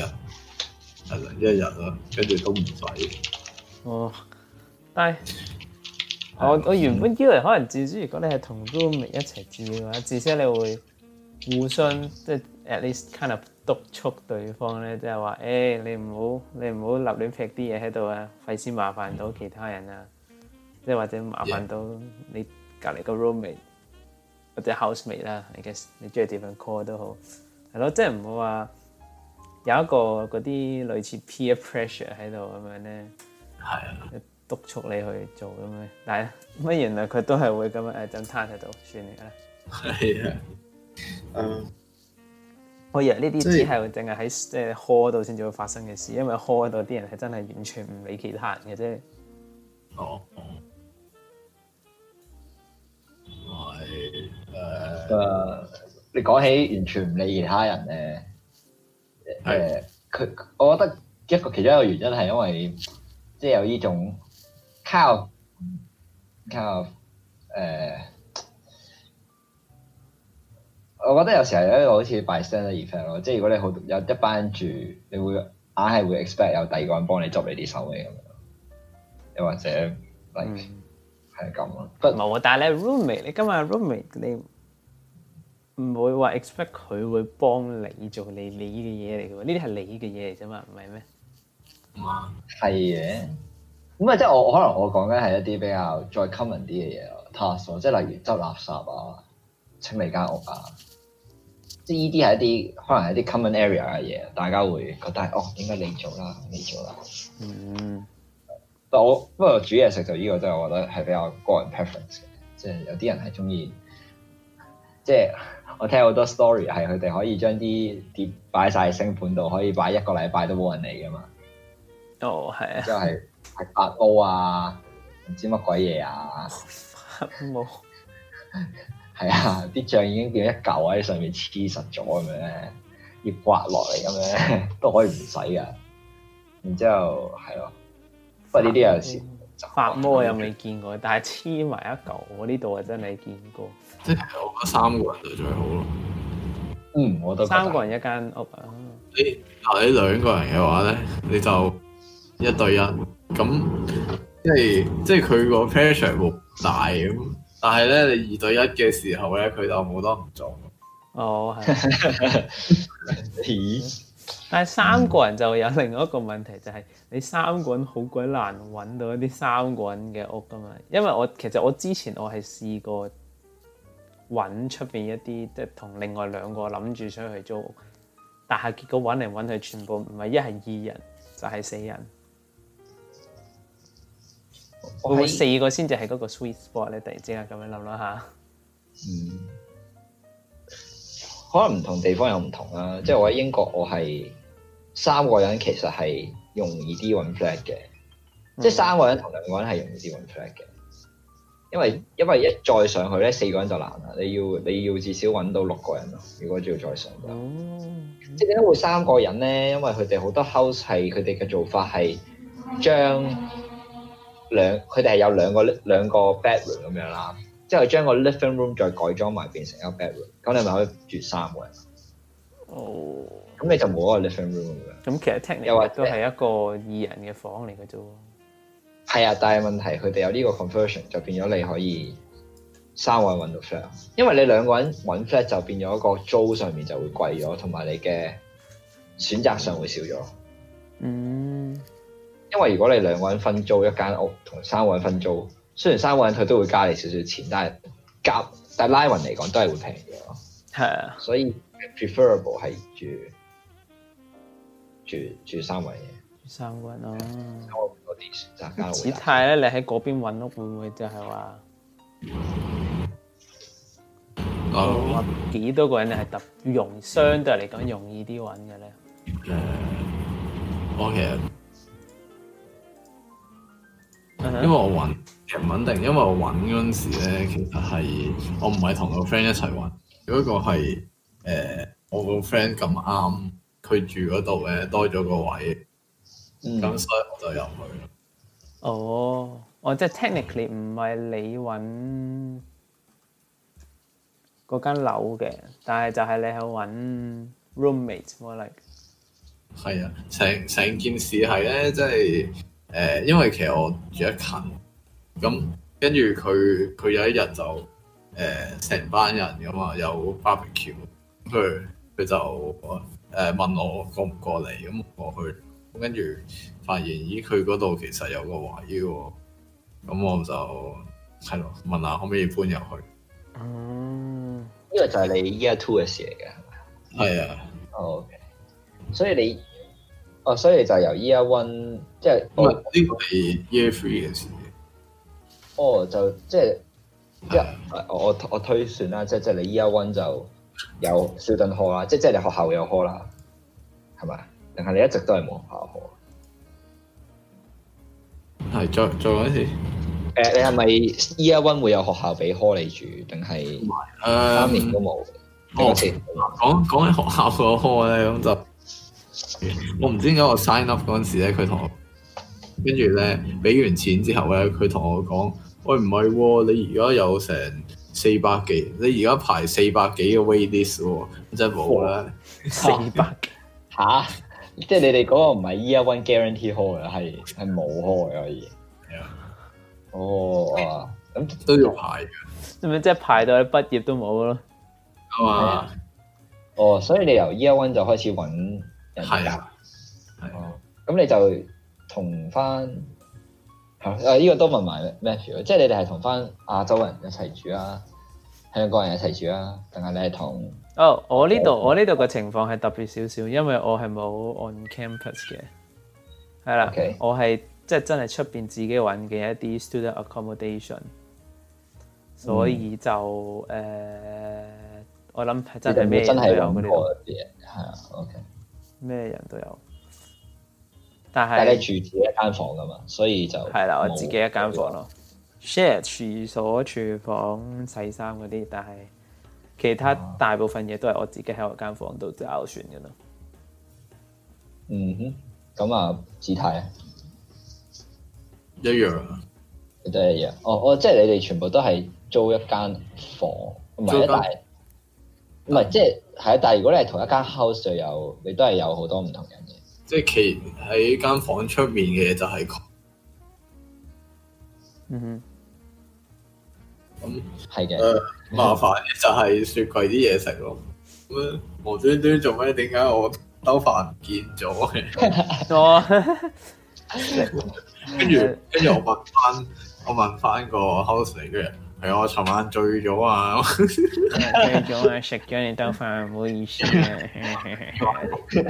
係啦，一日咯，跟住都唔使。哦，但係。我我原本以為可能至少如果你係同 roommate 一齊住嘅話，至少你會互相即係 at least kind of 督促對方咧，即係話誒，你唔好你唔好立亂劈啲嘢喺度啊，費事麻煩到其他人啊。即係或者麻煩到你隔離個 roommate，Yeah. 或者 housemate 啦，I guess Yeah. 你中意點樣 call 都好，係咯，即係唔會話有一個嗰啲類似 peer pressure 喺度咁樣咧，係 Yeah. 督促你去做咁樣，樣，但係乜原來佢都係會咁樣誒，就攤喺度算數啦。係啊，我以為呢啲只係淨係喺即係 call 度先至會發生嘅事，因為 call 度啲人係真係完全唔理其他人嘅啫。哦。Oh. Oh. 誒，你講起完全唔理其他人咧，誒，佢，我覺得一個其中一個原因係因為，即係有呢種靠靠誒，我覺得有時候，有一個好似 bystander effect 咯，即係如果你好有一班住，你會硬係會 expect 有第二個人幫你執你啲手尾咁樣，又或者，like 係咁咯。但係冇，但係你 roommate，你今日 roommate 你。唔會話 expect 佢會幫你做你你嘅嘢嚟嘅喎，呢啲係你嘅嘢嚟啫嘛，唔係咩？係嘅、嗯，咁啊，即係我可能我講緊係一啲比較再 common 啲嘅嘢咯 task 即係，例如執垃圾啊、清理間屋啊，即係依啲係一啲可能係一啲 common area 嘅嘢，大家會覺得哦，點解你做啦，你做啦。嗯，但我不過我煮嘢食就呢、呢個真係我覺得係比較個人 preference 即係、就是、有啲人係中意，即係。我聽好多 story 係佢哋可以將啲碟擺晒星盆度，可以擺一個禮拜都冇人嚟噶嘛。哦，係啊，之後係發毛啊，唔知乜鬼嘢啊，冇魔。係 啊，啲醬已經變咗一嚿喺上面黐實咗咁樣，要刮落嚟咁樣都可以唔使噶。然之後係咯，不過呢啲有時發法魔我又未、啊、見過，但係黐埋一嚿，我呢度啊真係未見過。即係我覺得三個人就最好咯。嗯，我覺得三個人一間屋啊。你但係兩個人嘅話咧，你就一對一咁，即係即係佢個 pressure 冇大咁。但係咧，你二對一嘅時候咧，佢就冇得唔做。哦，係。咦？ 但係三個人就有另外一個問題，嗯、就係你三個人好鬼難揾到一啲三個人嘅屋噶嘛。因為我其實我之前我係試過。揾出邊一啲，即係同另外兩個諗住想去租，但係結果揾嚟揾去，全部唔係一係二人，就係四人。我是會唔會四個先至係嗰個 sweet spot 咧？突然之間咁樣諗啦嚇。嗯。可能唔同地方有唔同啦、啊。嗯、即係我喺英國我，我係三個人其實係容易啲揾 flat 嘅，嗯、即係三個人同兩個人係容易啲揾 flat 嘅。因為因為一再上去咧，四個人就難啦。你要你要至少揾到六個人咯。如果仲要再上去嘅，即點解會三個人咧？因為佢哋好多 house 係佢哋嘅做法係將兩佢哋係有兩個兩個 bedroom 咁樣啦，之後將個 living room 再改裝埋變成一個 bedroom，咁你咪可以住三個人。哦，咁你就冇一個 living room 啦。咁其實聽你又話都係一個二人嘅房嚟嘅啫。係啊，但係問題佢哋有呢個 conversion，就變咗你可以三個人揾到 flat，因為你兩個人揾 flat 就變咗個租上面就會貴咗，同埋你嘅選擇上會少咗。嗯，因為如果你兩個人分租一間屋，同三個人分租，嗯、雖然三個人佢都會加你少少錢，但係夾但係拉勻嚟講都係會平咗。係啊、嗯，所以 preferable 係住住住三位。三個人哦。姿態咧，你喺嗰邊揾屋會唔會就係話，幾多個人係特容易相對嚟講容易啲揾嘅咧？誒，我其實因為我揾唔穩定，因為我揾嗰陣時咧，其實係我唔係同個 friend 一齊揾，如果係誒我個 friend 咁啱，佢住嗰度咧多咗個位。咁、嗯、所以我就入去咯。哦，哦，即係 technically 唔係你揾嗰間樓嘅，但係就係你係揾 roommate，我 like。係啊，成成件事係咧，即係誒、呃，因為其實我住得近咁，跟住佢佢有一日就誒成、呃、班人噶嘛，有 barbecue。佢佢就誒問我過唔過嚟，咁我去。跟住發現咦，佢嗰度其實有個位喎、哦，咁我就係咯、啊，問下可唔可以搬入去？嗯，呢個就係你 Year Two 嘅事嚟嘅，係咪？係啊。Oh, OK，所以你哦，所以就由 Year One 即係唔呢個係 Year Three 嘅事？哦，就即係即係我我推算啦，即係即係你 Year One 就有 student hall 啦，即即係你學校有 hall 啦，係咪？定係你一直都係冇學校荷學？係再再開始。誒、呃，你係咪 year one 會有學校俾開你住？定係三年都冇、嗯哦。哦，講講起學校個開咧，咁就我唔知點解我 sign up 嗰陣時咧，佢同我跟住咧俾完錢之後咧，佢同我講，喂，唔係、哦，你而家有成四百幾？你而家排四百幾嘅 waitlist 真係冇啦，四百幾吓。哦 400, 即係你哋嗰個唔係 Year One Guarantee Hall 嘅，係係冇 Hall 可以。係啊，哦啊，咁都要排嘅。咁咪即係排到你畢業都冇咯。係啊、oh. 哇。哦，oh, 所以你由 Year One 就開始揾人。係 Yeah.、oh, 啊。哦。咁你就同翻嚇呢個都問埋咩？即係你哋係同翻亞洲人一齊住啊，香港人一齊住啊，定係你係同？哦，oh, 我呢度 Okay, 我呢度嘅情況係特別少少，因為我係冇 on campus 嘅，係啦，Okay. 我係即係真係出邊自己揾嘅一啲 student accommodation，所以就誒、嗯呃，我諗真係咩人都有啲嘅，係啊，OK，咩人都有，但係你係住住一間房噶嘛，所以就係啦，我自己一間房咯，share 廁所、廚房、洗衫嗰啲，但係，其他大部分嘢都係我自己喺我間房度就算嘅啦。嗯哼，咁啊姿態一樣、啊，都一樣。哦哦，即係你哋全部都係租一間房，唔係啊？但唔係即係，係啊？但如果你係同一間 house 就有，你都係有好多唔同人嘅。即係企喺間房出面嘅嘢就係，嗯哼。咁係嘅，誒、嗯的呃、麻煩就係雪櫃啲嘢食咯，咁啊無端端做咩？點解我兜飯唔見咗嘅？跟住跟住我問翻，我問翻個 house 嚟嘅人，係、嗯、我尋晚醉咗啊，嗯、醉咗啊食咗你兜飯，唔 好意思。好、 嗯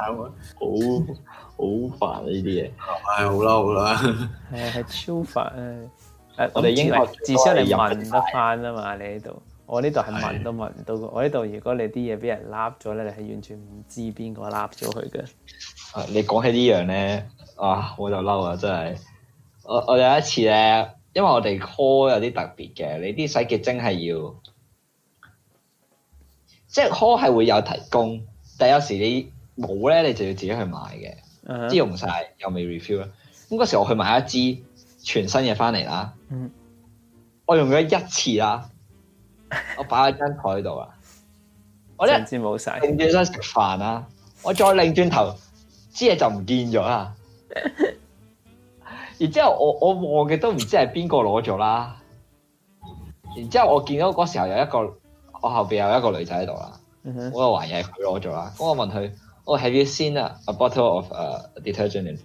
哎，好煩呢啲嘢，唉好啦好啦，係超煩。 我哋英國至少你問得翻啊嘛，你呢度？我呢度係問都問唔到嘅。的我呢度如果你啲嘢俾人笠咗咧，你係完全唔知邊個笠咗佢嘅。你講起呢樣咧，啊，我就嬲啊！真係，我我有一次咧，因為我哋 call 有啲特別嘅，你啲洗潔精係要，即、就、係、是、call 係會有提供，但有時你冇咧，你就要自己去買嘅。嗯、uh，啲、huh. 用晒，又未 review 啦。咁嗰時我去買一支。全新嘢翻嚟啦，mm hmm. 我用咗一次啦，我擺喺張台度啊， 我咧次冇晒拎起身食飯啊，我再擰轉頭，支嘢 就唔見咗啦，然之後我我望嘅都唔知係邊個攞咗啦，然之後我見到嗰時候有一個我後邊有一個女仔喺度啦，mm hmm. 我懷疑係佢攞咗啦，咁我問佢，哦、oh,，Have you seen a bottle of、uh, detergent？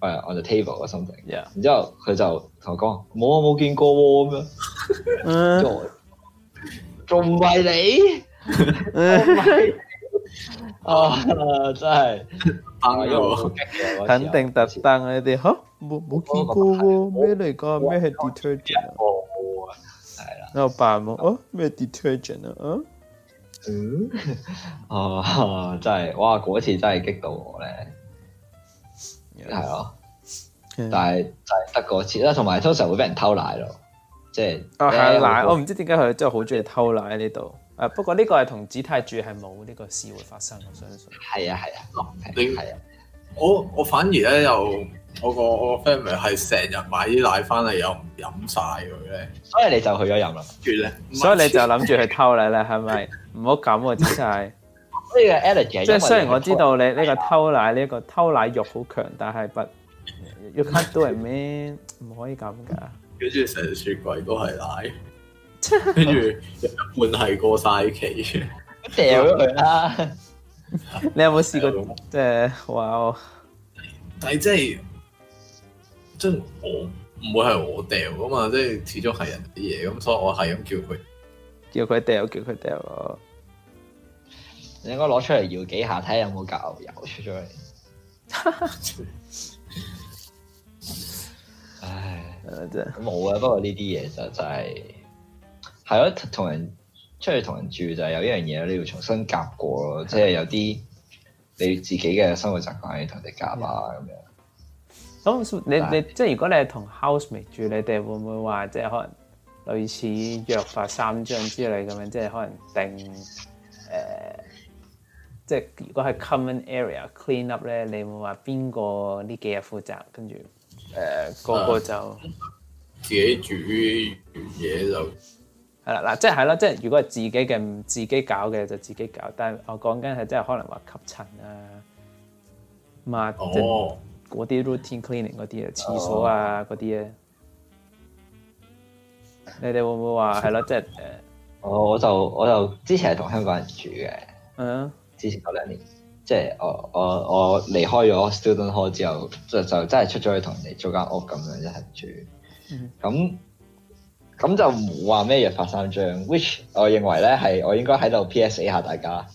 係，on the table or something。然之後佢就同我講：冇啊，冇見過喎咁樣。仲仲唔係你？Oh my！啊，真係朋友，肯定特登嗰啲呵，冇冇見過喎？咩嚟㗎？咩係 detergent 嘅？係啦。老闆問：哦，咩 detergent 嘅？嗯？嗯？啊，真係，哇！嗰次真係激到我咧。係咯 Yes.，但係就係得過次啦，同埋通常會俾人偷奶咯，即係啊係奶，我唔知點解佢真係好中意偷奶喺呢度。誒，不過呢個係同子泰住係冇呢個事會發生，我相信。係啊係啊，你係啊，我我反而咧又我個我 family 係成日買啲奶翻嚟又唔飲晒嘅，所以你就去咗飲啦，我住了所以你就諗住去偷奶咧，係咪？唔好搞我子泰。所以個 allergy 即係雖然我知道你呢個偷奶呢，哎、呀個偷奶欲好強，但係不要 cut 都係咩？唔 可以咁噶。跟住成雪櫃都係奶，跟住 一半係過曬期，掉咗佢啦。 你有冇試過？即係、呃、哇、哦！但係即係即係我唔會係我掉噶嘛，即、就、係、是、始終係人哋啲嘢咁，所以我係咁叫佢，叫佢掉，叫佢掉。你應該攞出嚟搖幾下，睇下有冇隔牛油出咗嚟。 唉，係係真係冇啊。不過呢啲嘢就真係係咯，同、就係、人出去同人住就係有一樣嘢，你要重新夾過咯。即係 有啲你自己嘅生活習慣要同人哋夾啊，咁樣。咁你 But 你即係如果你係同 housemate 住，你哋會唔會話即係可能類似約法三章之類咁樣？即係可能定誒。呃即係如果係 common area clean up 咧，你會話邊個呢幾日負責？跟住誒個個就、啊、自己煮嘢就係啦嗱，即係係啦，即係如果係自己嘅、自己搞嘅就自己搞。但係我講緊係即係可能話吸塵啊，嘛即係嗰啲、哦、routine cleaning 嗰啲啊，廁所啊嗰啲啊，你哋會唔會話係咯？即係誒，我我就我就之前係同香港人住嘅，嗯。之前嗰兩年，即係我我我離開咗 student hall 之後，就就真係出咗去同人哋租間屋咁樣一齊住。咁咁、mm hmm. 就冇話咩約法三章，which 我認為咧係我應該喺度 P.S.、A、一下大家，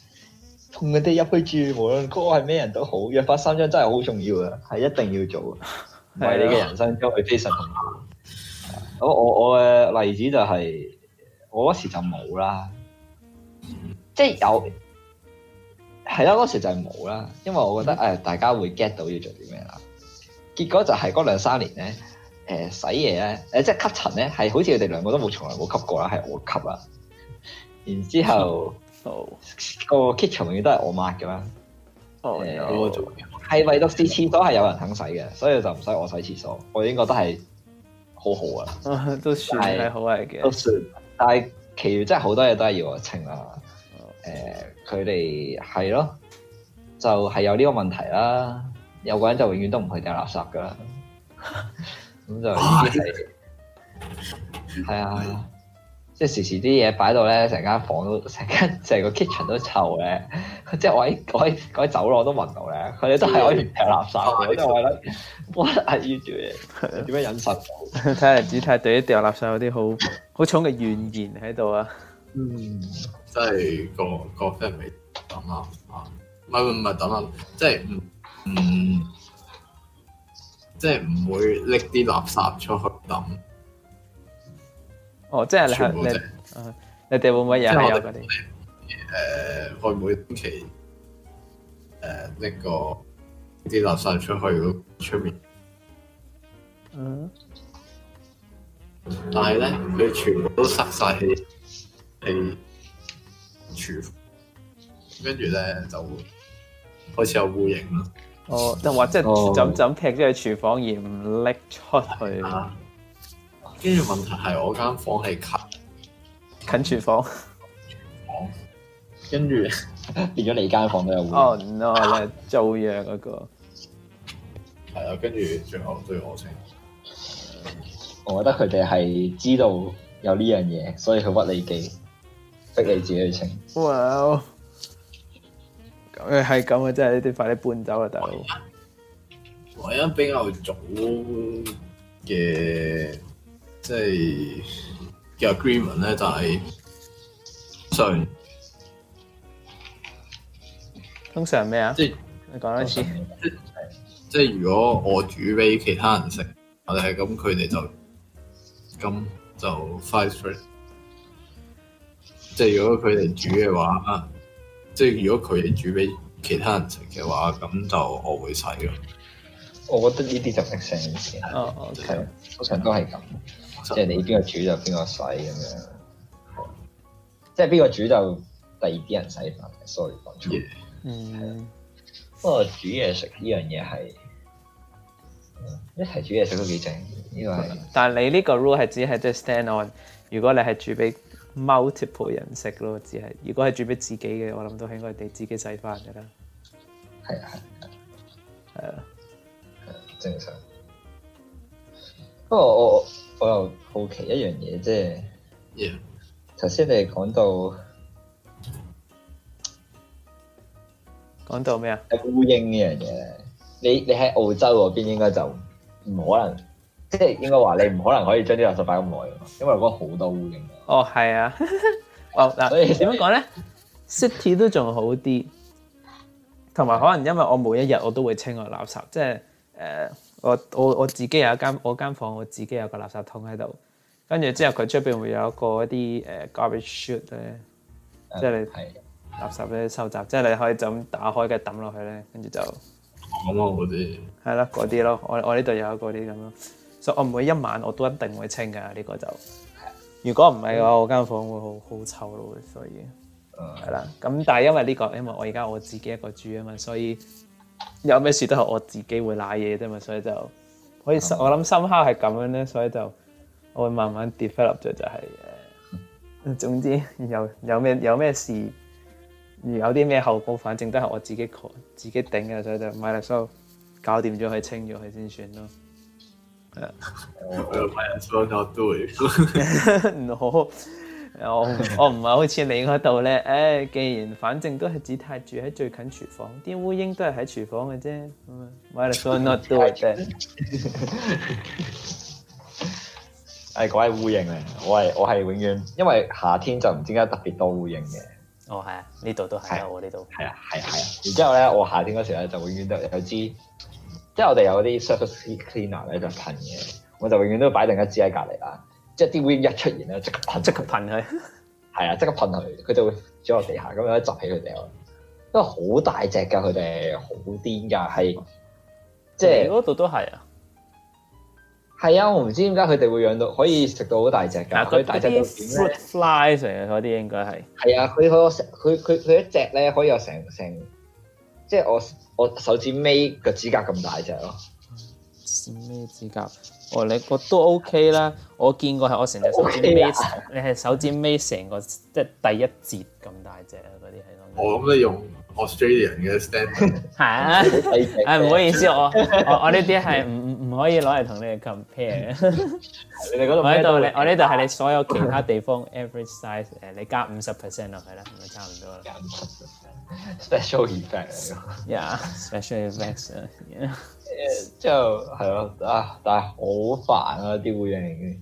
同佢哋入去住，無論哥係咩人都好，約法三章真係好重要嘅，係一定要做嘅，唔係 的你嘅人生都係非常痛苦。我我我嘅例子就係、是、我嗰時就冇啦， 即係有。係啦，嗰、嗯、時就係冇啦，因為我覺得誒大家會 get 到要做啲咩啦。結果就係嗰兩三年咧，誒、呃、洗嘢咧，誒、呃、即係吸塵咧，係好似佢哋兩個都冇從來冇吸過啦，係我吸啊。然之後、哦、個 kitchen 永遠都係我抹噶啦，誒我做。係衞浴廁廁所係有人肯洗嘅，所以就唔使我洗廁所，我已經覺得係好好啊。都算係好嘅，都算。但係，其餘真係好多嘢都係要我清啦、啊。誒，佢哋係咯，就係、是、有呢個問題啦。有個人就永遠都唔去掉垃圾噶啦，咁就呢啲係係啊，即時時啲嘢擺到咧，成間房都，成間成個 kitchen 都臭咧。即係我啲嗰啲走廊都聞到咧。佢哋都係可以唔掉垃圾嘅，我覺得，what are you doing？點樣忍受？睇下 主體對於掉垃圾有啲好好重嘅怨言喺度啊。嗯。即係個個 friend 未抌啊，啊，唔係唔係抌啊，即係唔唔即係唔會拎啲垃圾出去抌。哦，即係你你你哋會唔會有啊？嗰啲誒，開、呃、每期誒拎個啲垃圾出去嗰出面。嗯。但係咧，佢、嗯、全部都塞晒氣氣。廚房，跟住咧就開始有烏蠅啦。哦，就或者枕枕劈咗去廚房而唔拎出去。啊，跟住問題係我間房係近近廚房，跟住變咗你間房都有烏蠅。哦，no 咧，租約嗰個係啊，跟住最後都要我清。我覺得佢哋係知道有呢樣嘢，所以佢屈你記。逼你自己去清。哇！咁誒係咁嘅，真係你哋快啲搬走啊，大佬。唯一比較早嘅，即係嘅 agreement 咧，ag 就係、是、上通常咩啊是？即係你講多次。即係如果我煮俾其他人食，我哋係咁，佢哋就咁就 free 即係如果佢哋煮嘅話，即係如果佢哋煮俾其他人食嘅話，咁就我會洗咯。我覺得呢啲就係常識，通常都係咁，對即係你邊個煮就邊個洗咁樣。Okay. 對即係邊個煮就第二啲人洗飯。對 Sorry，講錯。yeah. 嗯。不過煮嘢食呢樣嘢係，一齊煮嘢食都幾正。呢對個係。對但係你呢個 rule 係只係即係 stand on。如果你係煮俾。Multiple 人食咯，只係如果係做俾自己嘅，我諗都係應該哋自己製翻噶啦。係啊，係啊，係啊，正常。不過我我又好奇一樣嘢啫。Yeah，頭先你講到講到咩啊？烏蠅呢樣嘢，你你喺澳洲嗰邊應該就唔可能，即係應該話你唔可能可以將啲垃圾擺咁耐啊，因為嗰好多烏蠅。哦，係啊， 哦嗱，所以點樣講咧？City 都仲好啲，同埋可能因為我每一日我都會清我垃圾，即係誒、呃，我我我自己有一間我間房，我自己有個垃圾桶喺度，跟住之後佢出邊會有一個一啲誒、呃、garbage chute 咧、嗯，即係你係垃圾咧收集，嗯、即係你可以就咁打開嘅抌落去咧，跟住就咁咯，嗰啲係咯嗰啲咯，我我呢度有一個啲咁咯，所以我每一晚我都一定會清噶呢、這個就。如果唔係嘅話，我間房會好好臭咯，所以，誒、嗯，係啦。咁但係因為呢個，因為我而家我自己一個住啊嘛，所以有咩事都係我自己會賴嘢啫嘛，所以就可以我諗深刻係咁樣咧，所以就我會慢慢 develop 咗，就係、誒，總之有有咩有咩事，有啲咩後果，反正都係我自己自己頂嘅。所以就買嚟收，搞掂咗佢，清咗佢先算咯。誒，我咪又做唔到，唔好，我我唔係好似你嗰度咧，誒，既然反正都係紫太住喺最近廚房，啲烏蠅都係喺廚房嘅啫，咪做唔到嘅。誒，講起烏蠅咧，我係我係永遠，因為夏天就唔知點解特別多烏蠅嘅。哦、oh, yeah，係啊 Yeah.，呢度都係啊，我呢度係啊，係係啊。然之後咧，我夏天嗰時咧就永遠都有支。即係我哋有啲 surface cleaner 咧就噴嘅，我就永遠都擺定一支喺隔籬啦。即係啲 wing 一出現咧，即刻即刻噴佢，係啊， 即刻噴佢，佢就會坐落地下咁樣集起佢哋。因為好大隻噶佢哋好癲噶係即係嗰度都係。係啊，我唔知點解佢哋會養到可以食到好大隻噶佢大隻到點咧 fly 成啊，嗰啲應該係。係啊，佢佢佢佢一隻咧可以有成成。即係我我手指尾個指甲咁大隻咯，啊，咩指，指甲？哦，你個都 O、OK、K 啦，我見過係我成隻手指尾。你係手指尾成、OK 啊，個即係第一節咁大隻啊？嗰啲係咯。我咁你用 Australian 嘅 standard 係啊？哎，啊，唔好意思，我我呢啲係唔唔可以攞嚟同你哋 compare。 你哋嗰度？我呢度，我呢度係你所有其他地方 average size，誒，你加五十 percent 落去啦，係啦，差唔多啦。Special effect，yeah，special effects，誒，之後係咯啊，但係好煩啊啲會員，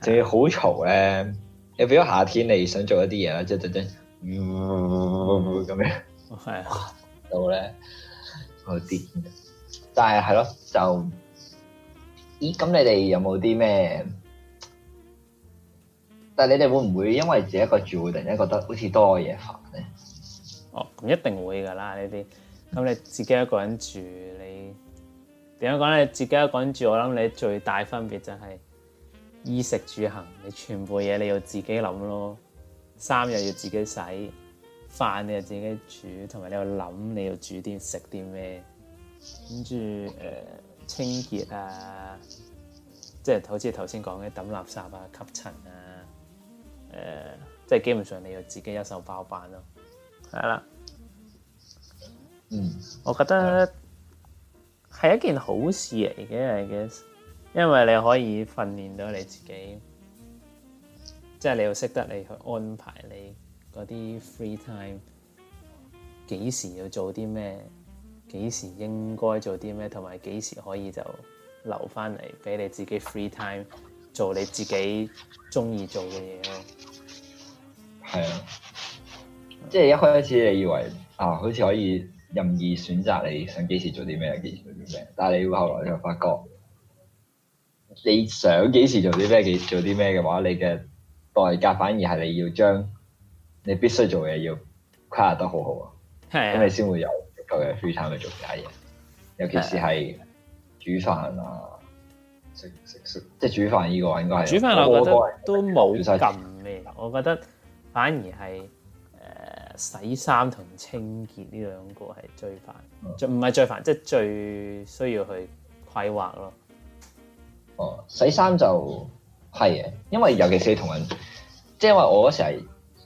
仲要好嘈咧。你比如夏天你想做一啲嘢啦，即係真真唔唔唔唔唔唔咁樣，係啊，到咧好癲。但係係咯就，咦？咁你哋有冇啲咩？但係你哋會唔會因為自己一個住會，突然間覺得好似多嘢煩咧？哦，咁一定會噶啦呢啲。咁你，你自己一個人住，你點樣講咧？你自己一個人住，我諗你最大分別就係衣食住行，你全部嘢你要自己諗咯。衫又要自己洗，飯你要自己煮，同埋你要諗你要煮啲食啲咩，跟住誒清潔啊，即係好似頭先講嘅抌垃圾啊、吸塵啊，誒，即係基本上你要自己一手包辦咯。係啦，嗯，我覺得係一件好事嚟嘅，I guess，因為你可以訓練到你自己，即係你要識得你去安排你嗰啲 free time，幾時要做啲咩，幾時應該做啲咩，同埋幾時可以就留翻嚟俾你自己 free time 做你自己中意做嘅嘢咯。係啊。即係一開始你以為啊，好似可以任意選擇你想幾時做啲咩，幾時做啲咩。但係你後來就發覺，你想幾時做啲咩，幾做啲咩嘅話，你嘅代價反而係你要將你必須做嘢要規劃得好好啊，咁你先會有足夠嘅 f r 去做其他嘢。尤其是係煮飯啊，食食食，即係煮飯呢個應該係煮，煮飯，我覺得都冇咁咩。我覺得反而係。洗衫同清潔呢兩個係最煩，就唔係最煩，即係最需要去規劃咯。哦，洗衫就係，因為尤其是同人，即係因為我嗰時係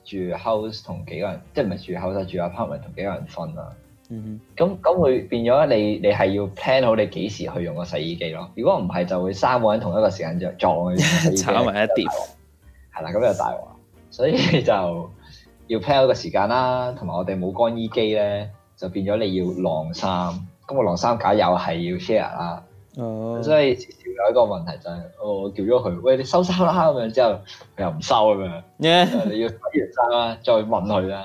住 house 同幾個人，即係唔係住 house、啊、住 apartment 同幾個人瞓啊。嗯咁，哼咁會變咗你你係要 plan 好你幾時去用個洗衣機咯。如果唔係，就會三個人同一個時間着撞， 炒埋一碟。係啦，咁又大鑊，所以就。要 plan 一個時間啦，同埋我哋冇乾衣機咧，就變咗你要晾衫，咁我晾衫架又係要 share 啦，oh. 所以有一個問題就係、是、我叫咗佢，喂，你收衫啦，咁樣之後不，佢又唔收咁樣，你要翻完衫啦，再問佢啦，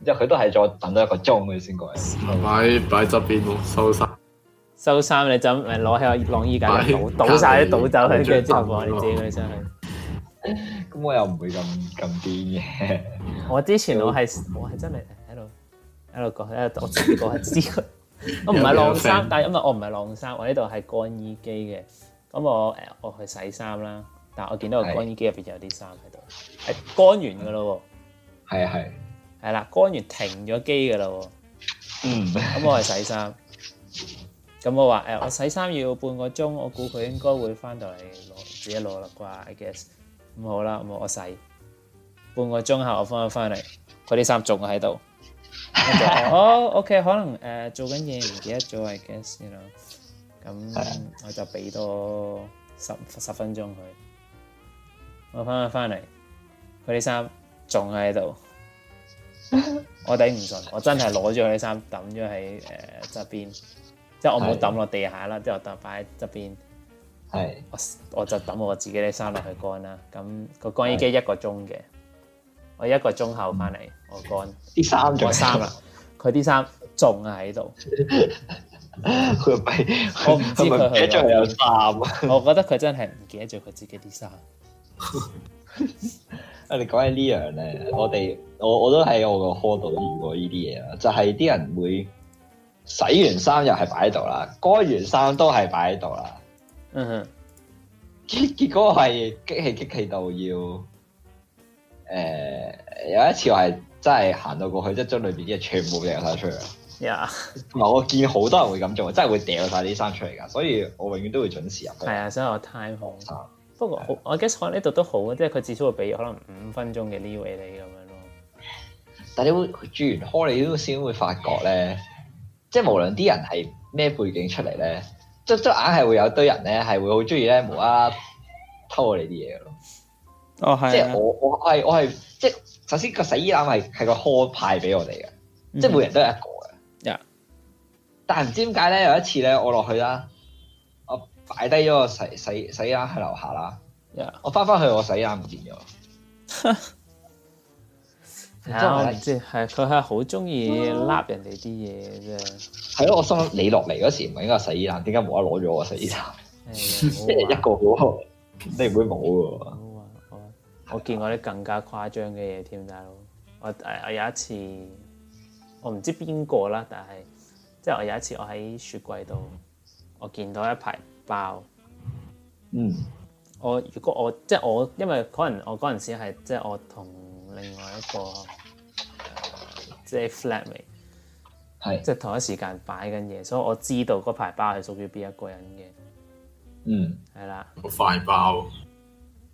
然之後佢都係再等多一個鐘佢先過嚟，擺擺側邊咯，收衫，收衫你就攞起個晾衣架，倒晒啲倒走佢嘅衣服，你知，佢出去。咁我又唔會咁咁癲嘅。我之前我係就我係真係喺度喺度講，誒 我試過係知佢。我唔係晾衫， 但係因為我唔係晾衫，我呢度係乾衣機嘅。咁我誒我去洗衫啦，但係我見到個乾衣機入邊有啲衫喺度，係乾是完噶咯。係啊係，係啦乾完停咗機噶啦。嗯，咁我去洗衫。咁我話誒我洗衫要半個鐘，我估佢應該會翻到嚟攞自己攞啦啩，I guess。咁好啦，咁我洗半個鐘後我翻返嚟，佢啲衫仲喺度。哦 OK 可能誒、uh, 做緊嘢唔記得咗，I guess 啦 you know。咁我就俾多十十分鐘佢。我翻返嚟，佢啲衫仲喺度。我頂唔順，我真係攞咗佢啲衫抌咗喺誒側邊，即係我冇抌落地下啦， 即係我就擺喺側邊。係是，我我就揼我自己啲衫落去乾啦。咁個乾衣機一個鐘嘅，是我一個鐘後翻嚟我乾啲衫着衫啦。佢啲衫仲啊喺度，我唔知佢去唔記得咗有衫。我覺得佢真係唔記得咗佢自己啲衫。啊， 你講緊呢樣咧，我哋我我都喺我個科度遇過呢啲嘢啦，就係、是、啲人會洗完衫又係擺喺度啦，乾完衫都係擺喺度啦。嗯哼，結結果係激氣激氣到要，誒、呃、有一次話真係行到過去，即係將裏邊啲嘢全部掉晒出嚟。y Yeah .嗱，我見好多人會咁做，真係會掉晒啲衫出嚟噶，所以我永遠都會準時入。係啊，所以我太放心。不過好， 我 guess 可能呢度都好啊，即係佢至少會俾可能五分鐘嘅呢位你咁樣咯。但係你會住完開，你都先會發覺咧，即係無論啲人係咩背景出嚟咧。即即硬係會有堆人咧，係會好中意咧，無啦啦偷我哋啲嘢咯。哦，係。即係我我我係我係即係首先個洗衣籃係個 hall 派俾我哋嘅，mm hmm. 即係每人都有一個嘅。Yeah. 但係唔知點解咧？有一次咧，我落去啦，我擺低咗個洗洗洗衣籃喺樓下啦。Yeah. 我翻返去，我洗衣籃唔見咗。 即係，我唔知，係，佢係好中意笠人哋啲嘢啫。係咯，我心諗你落嚟嗰時唔係應該洗衣籃，點解冇得攞咗我洗衣籃，欸、一個好，你唔會冇嘅。我我見過啲更加誇張嘅嘢添，大佬。我誒，我有，一我就是、有一次我唔知邊個啦，但係即係我有一次我喺雪櫃度，我見到一排包。嗯，我如果我即係我，因為可能我嗰陣時係即係我同。另外一個、啊、就是、man, 是即係 flat 嘅，即係同一時間擺緊嘢，所以我知道嗰排包係屬於邊一個人嘅。嗯，係啦的，好快包，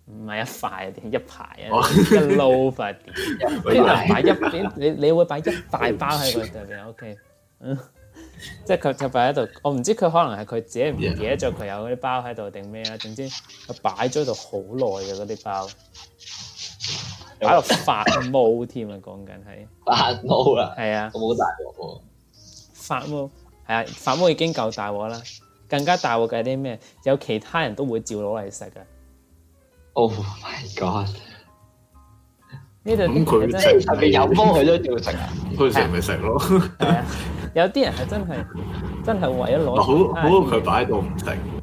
唔係一塊啊，一排啊， 一撈塊，一塊。你你會擺一大包喺佢度面。 o、OK、K、嗯、即係佢就擺喺度。我唔知佢可能係佢自己唔記得咗佢有嗰啲包喺度定咩啦。總之佢擺咗喺度好耐嘅嗰啲包。擺喺度發毛添啊，講緊係發毛啦，係啊，咁好大鑊發毛係啊，發毛已經夠大鑊啦，更加大鑊嘅啲咩？有其他人都會照攞嚟食噶。Oh my god！呢度咁佢真係、嗯、有毛佢都照食啊，佢食咪食咯。有啲人係真係真係為咗攞，好佢擺到唔定。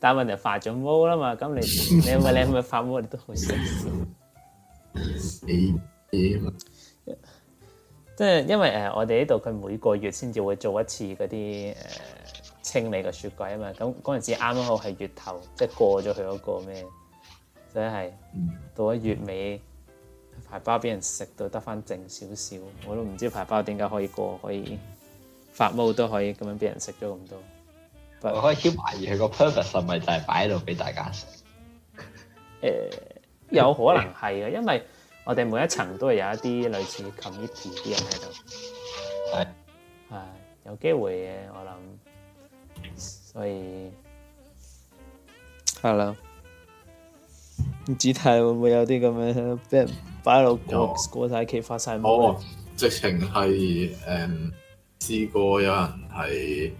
但係問題發咗毛啦嘛，咁你你咪你咪發毛你都好食。即係 因為誒，我哋呢度佢每個月先至會做一次嗰啲誒清理嘅雪櫃啊嘛，咁嗰陣時啱啱好係月頭，即係過咗佢嗰個咩，即係到咗月尾 排包俾人食，到得翻淨少少。我都唔知排包點解可以過可以發毛都可以咁樣俾人食咗咁多。But, 我開始懷疑佢個 purpose 係咪就係擺喺度俾大家食？誒、欸，有可能係嘅， 因為我哋每一層都係有一啲類似 committee 啲人喺度。係係對有機會嘅，我諗。所以係啦，唔知睇會唔會有啲咁樣擺擺喺度過晒曬期發曬毛？冇，直情係誒試過有人係。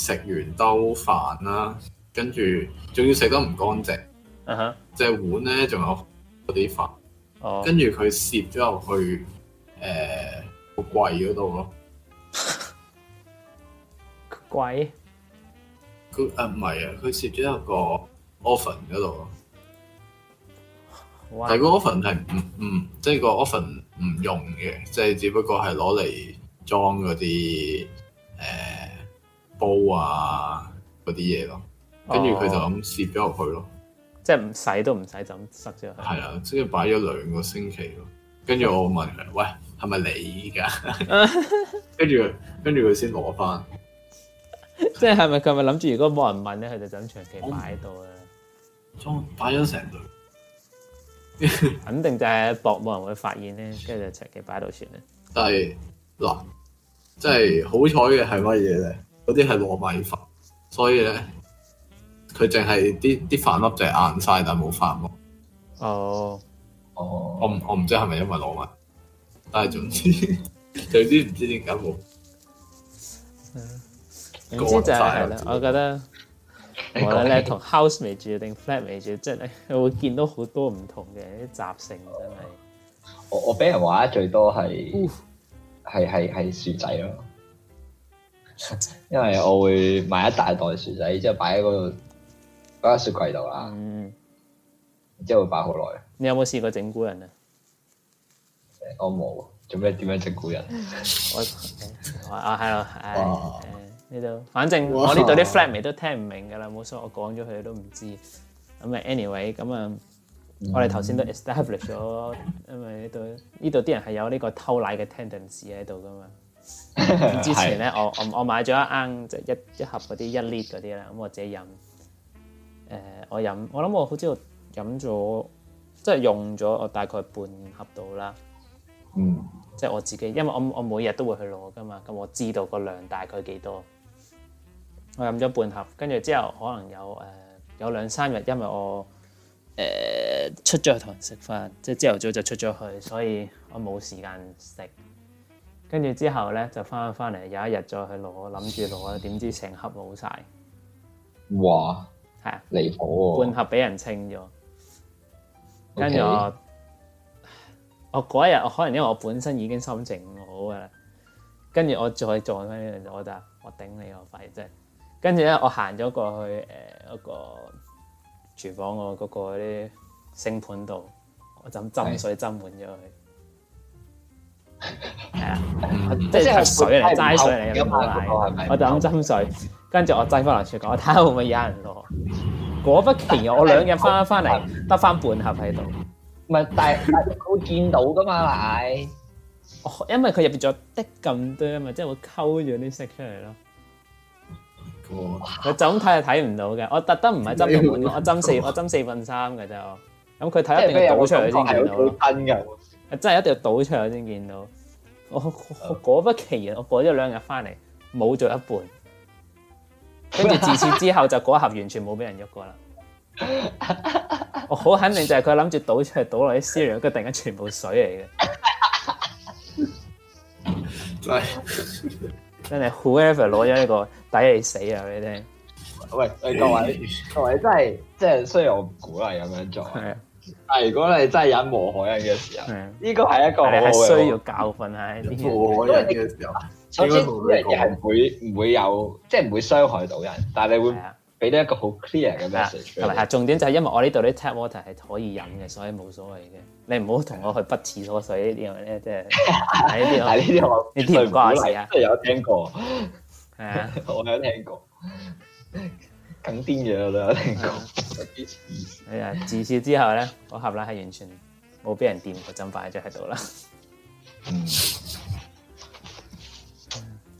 食完兜飯啦，跟住仲要食得唔乾淨，啊，即係碗咧，仲有嗰啲飯，Oh. 跟住佢攝咗入去誒櫃嗰度咯。櫃？佢啊，唔係啊，佢攝咗入個 oven 嗰度咯。Wow. 但係個 oven 係唔唔、嗯，即係個 oven 唔用嘅，即係只不過係攞嚟裝嗰啲誒。呃煲啊嗰啲嘢咯，跟住佢就咁攝咗入去咯，哦、即係唔使都唔使就咁塞咗入去。係啊，即係擺咗兩個星期咯。跟住我問佢：喂，係咪你㗎？跟住跟住佢先攞返。即係係咪佢咪諗住如果冇人問咧，佢就咁長期擺喺度啊？裝擺咗成， 肯定就係博冇人會發現咧，跟住就長期擺到處咧。但係嗱，即係好彩嘅係乜嘢咧？嗰啲係糯米飯，所以咧佢淨係啲啲飯粒就硬晒，但係冇發毛哦，哦、oh.，我唔我唔知係咪因為糯米，但係總之總之唔知點解冇。總之知就係啦，我覺得無論你同 house 未住定 flat 未住，即係、就是、你會見到好多唔同嘅啲習性，oh. 真係。我我俾人話最多係係係係薯仔咯。 因為我會買一大袋薯仔，之後擺喺嗰個嗰、嗰個雪櫃度啦，嗯，之後會擺好耐。你有冇試過整蠱人啊？嗯、我冇，做咩點樣整蠱人？ 我啊係咯，誒呢度，反正我呢度啲 flatmate 都聽唔明噶啦，冇所謂，我講咗佢哋都唔知。咁啊，anyway，咁啊，我哋頭先都 establish 咗，way, 我 estab 嗯、因為呢度呢度啲人係有呢個偷奶嘅 tendency 喺度噶嘛。 之前咧， 我我我買咗一盎，即一一盒嗰啲一粒嗰啲啦，咁我自己飲，誒我飲，我諗我好似飲咗，即係用咗我大概半盒到啦。嗯，即係我自己，因為我我每日都會去攞噶嘛，咁我知道個量大概幾多。我飲咗半盒，跟住之後可能有誒、呃、有兩三日，因為我誒、呃、出咗去同人食飯，即係朝頭早就出咗去，所以我冇時間食。跟住之後咧，就翻翻嚟，有一日再去攞，諗住攞，點知成盒冇晒。哇！係啊，離譜喎！半盒俾人清咗，跟住我，Okay. 我嗰一日，我可能因為我本身已經心情唔好㗎喇，跟住我再撞翻呢樣，我就我頂你個肺啫。跟住咧，我行咗過去誒嗰、呃嗰個廚房個嗰個啲星盤度，我就斟水斟滿咗佢。係啊，即係水嚟，齋水嚟，冇奶。我就咁斟水，跟住我掟翻落雪櫃，我睇下會唔會有人攞。果不其然，我兩日翻翻嚟，得翻半盒喺度。唔係，但係會見到噶嘛？奶，因為佢入邊仲有滴咁多啊嘛，即係會溝咗啲色出嚟咯。佢就咁睇係睇唔到嘅，我特登唔係斟滿，我斟四，我斟四分三嘅啫。咁佢睇一定倒出嚟先見到咯。真係一定要倒出嚟先見到我，我。我果不其然，我過咗兩日翻嚟，冇咗一半。跟住自此之後就嗰盒完全冇俾人喐過啦。 我好肯定就係佢諗住倒出嚟倒落啲思量，佢突然間全部水嚟嘅。 真係、這個，真係 whoever 攞咗呢個抵你死啊！俾你聽，喂，各位，各位真係，真係雖然我鼓勵咁樣做。啊！如果你真係忍禍害人嘅時候，呢、啊、個係一個好的是是需要教訓啊！禍害人嘅時候，首先你係會唔會，會，會，會有，即係唔會傷害到人，但係你會俾到、啊、一個好 clear 嘅 message、啊。係咪啊？重點就係因為我呢度啲 tap water 係可以飲嘅，所以冇所謂嘅。你唔好同我去不廁所水呢啲咁嘅，即係呢啲呢啲唔關我事啊！即係有聽過，係啊，我有聽過。緊癲嘅我都聽講，哎呀！ 自此之後咧，我盒奶係完全冇俾人掂過，浸擺咗喺度啦。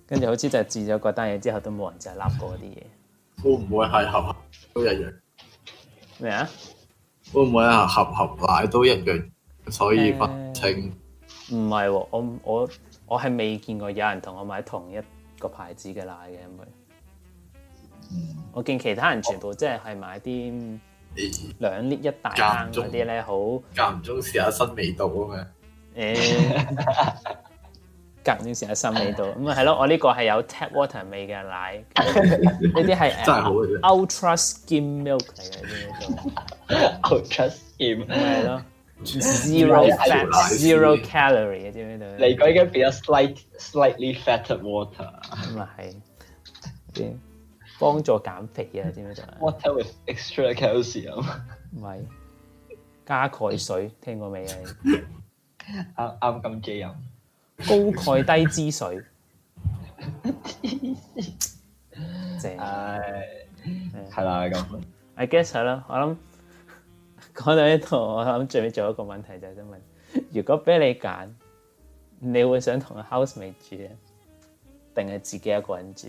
跟住、嗯、好似就置咗嗰單嘢之後，都冇人再笠過啲嘢。會唔會係盒盒都一樣？咩啊麼？會唔會係盒盒奶都一樣，所以分清？唔係喎，我我我係未見過有人同我買同一個牌子嘅奶嘅，因為。嗯、我見其他人全部即係係買啲兩 L 一大啲咧好間唔中試下新味道啊嘛誒間唔中試下新味道咁啊係咯我呢個係有 tap water 味嘅奶呢啲係真係好 ultra skim milk 嚟嘅呢啲叫做 ultra skim 係咯 zero fat, zero calorie 啊知唔知道你而家已經變咗 slightly slightly fatter water 咁啊係幫助減肥啊！知唔知就係 extra calcium 唔係加鈣水，聽過未啊？啱啱咁嘅飲，高鈣低脂水。正係啦，係咁、uh, Yeah.。I guess 係啦，我諗講到呢度，我諗最尾仲有一個問題就係想問：如果俾你揀，你會想同個 housemate 住啊，定係自己一個人住？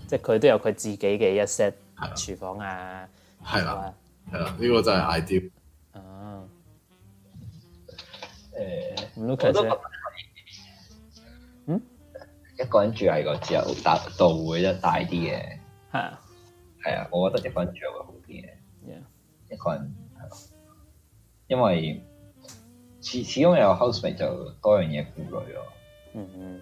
即係佢都有佢自己嘅一 set 廚房啊，係啦，係啦，呢個真係 idea。哦，誒，嗯，嗯一個人住係個自由度會得大啲嘅，係啊哈，係啊，我覺得一個人住會好啲嘅，Yeah. 一個人係咯，啊，因為始始終有 housemate 就多樣嘢顧慮咯。嗯哼、嗯。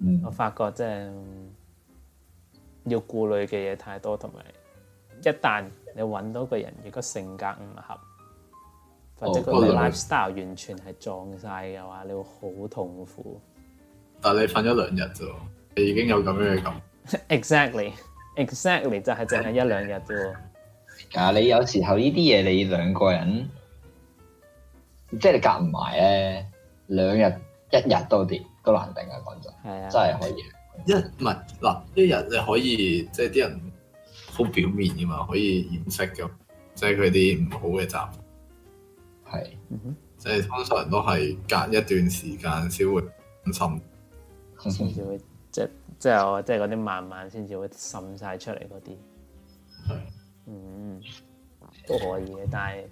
嗯、我發覺即係要顧慮嘅嘢太多，同埋一旦你揾到個人，如果性格唔合，或者個 lifestyle 完全係撞晒嘅話，你會好痛苦。但係你瞓咗兩日啫，你已經有咁樣嘅感覺。Exactly，exactly exactly, 就係淨係一兩日啫。但 你有時候呢啲嘢，你兩個人即係你夾唔埋咧，兩日一日多啲。都難定啊！講真，真係可以 一唔係嗱，一日你可以即係啲人好表面㗎嘛，可以掩飾嘅，即係佢啲唔好嘅習慣。係是，即係、嗯、哼通常都係隔一段時間先會滲，先至會即係即係即係嗰啲慢慢先至會滲晒出嚟嗰啲。係、嗯，嗯都可以嘅，但係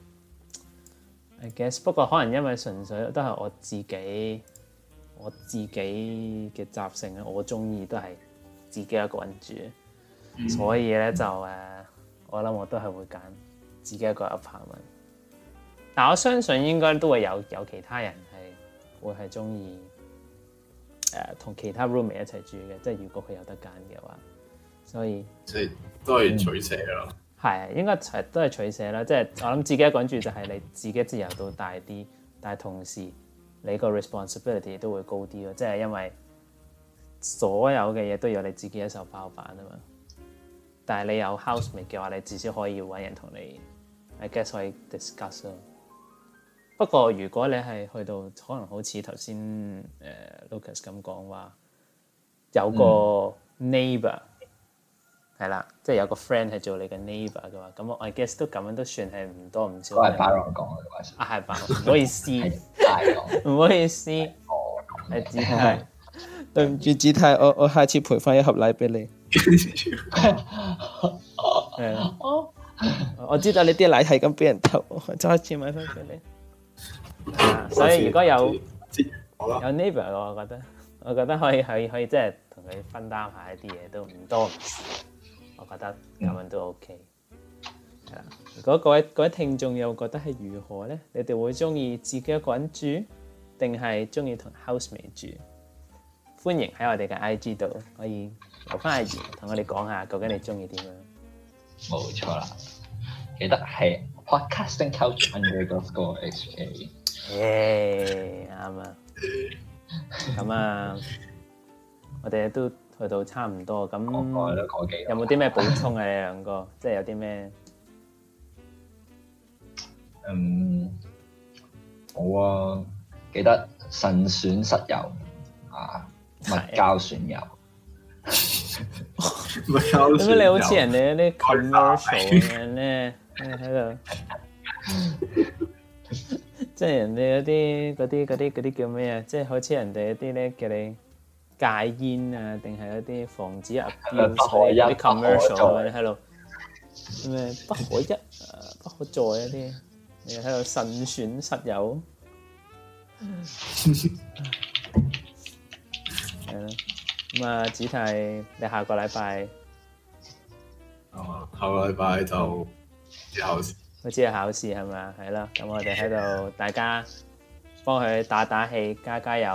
I guess 不過可能因為純粹都係我自己。我自己嘅習性咧，我中意都係自己一個人住，嗯、所以咧就誒，我諗我都係會揀自己一個 apartment。但我相信應該都會有有其他人係會係中意誒同其他 roommate 一齊住嘅，即係如果佢有得揀嘅話。所以即係都係取捨咯。係啊、嗯，應該都係取捨啦。即、就、係、是、我諗自己一個人住就係你自己自由度大啲，但係同時，你個 responsibility 都會高啲咯，即係因為所有嘅嘢都要你自己一手包辦啊嘛。但係你有 housemate 嘅話，你至少可以揾人同你，I guess 可以 discuss 咯。不過如果你係去到可能好似頭先誒 Lukas 咁講話，有個 neighbor、嗯。係啦，即係有個 friend 係做你嘅 neighbor 嘅話，咁我，I guess 都咁樣都算係唔多唔少。我係 baron 講啊，係吧？唔好意思 baron，唔好意思。哦， 子泰， 自 對唔住，子泰，我我下次賠翻一盒奶俾你。係我知道你啲奶係咁俾人偷，我再一次買翻俾你。 所以如果有 吧有 neighbor，我覺得我覺得可以可以可以即係同佢分擔下一啲嘢，都唔多。我覺得咁樣都 OK，係啦。如果各位各位聽眾又覺得係如何咧？你哋會中意自己一個人住，定係中意同 housemate 住？歡迎喺我哋嘅 IG 度可以留翻留言，同我哋講下究竟你中意點樣。冇錯啦，記得係 Podcasting Culture Undergraduate X A。誒，啱啊。咁啊，我哋都。去到差唔多咁，幾有冇啲咩補充啊？ 你兩個即係、就是、有啲咩？嗯，好啊，記得慎選室友啊，勿交損友。勿 交。點解你好似人哋啲咁多熟嘅咧？你睇到即係人哋嗰啲嗰啲嗰啲啲叫咩啊？即、就、係、是、好似人哋嗰啲咧叫你。戒煙啊，定係一啲防止啊，啲 commercial 啊，喺度咩不可一，不可再一啲，你喺度慎選室友，係啦。咁啊，子泰，你下個禮拜，哦，下個禮拜就考試，佢只係考試係咪啊？係啦，咁我哋喺度大家幫佢打打氣，加加油。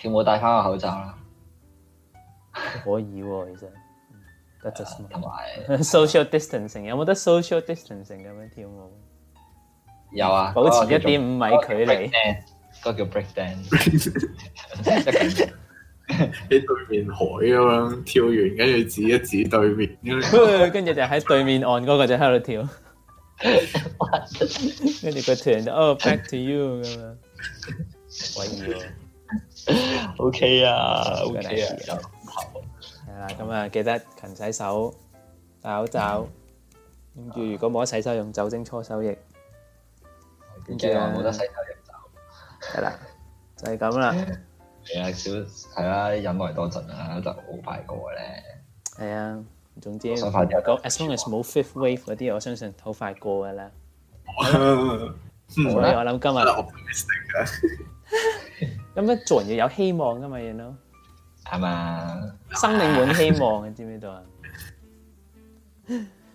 跳舞戴翻個口罩啦，可以喎，其實，同埋 social distancing 有冇得 social distancing 咁樣跳舞？有啊，保持一點五米距離。dance 嗰個叫 break dance，喺對面海咁樣跳完，跟住指一指對面，跟住就喺對面岸嗰個就喺度跳，跟住個 turn 到哦，back to you 咁樣，可以喎。O K 啊，O K 啊，係啦，咁啊，記得勤洗手、戴口罩，跟住如果冇得洗手，用酒精搓手液。跟住我冇得洗手，用酒。係啦，就係咁啦。係啊，少係啊，忍耐多陣啊，就好快過嘅咧。係啊，總之。想快啲。如果 as long as 冇 fifth wave 嗰啲，我相信好快過噶啦。嗯嗯嗯。嗯。我諗唔敢話。我係 optimistic。咁樣做人要有希望噶嘛，然咯，係嘛，生命滿希望，你知唔知道啊？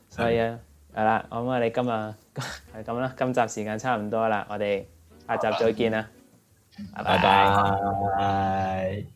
所以啊係啦，我諗啊，我哋今日係咁啦，今集時間差唔多啦，我哋下集再見啦，拜拜。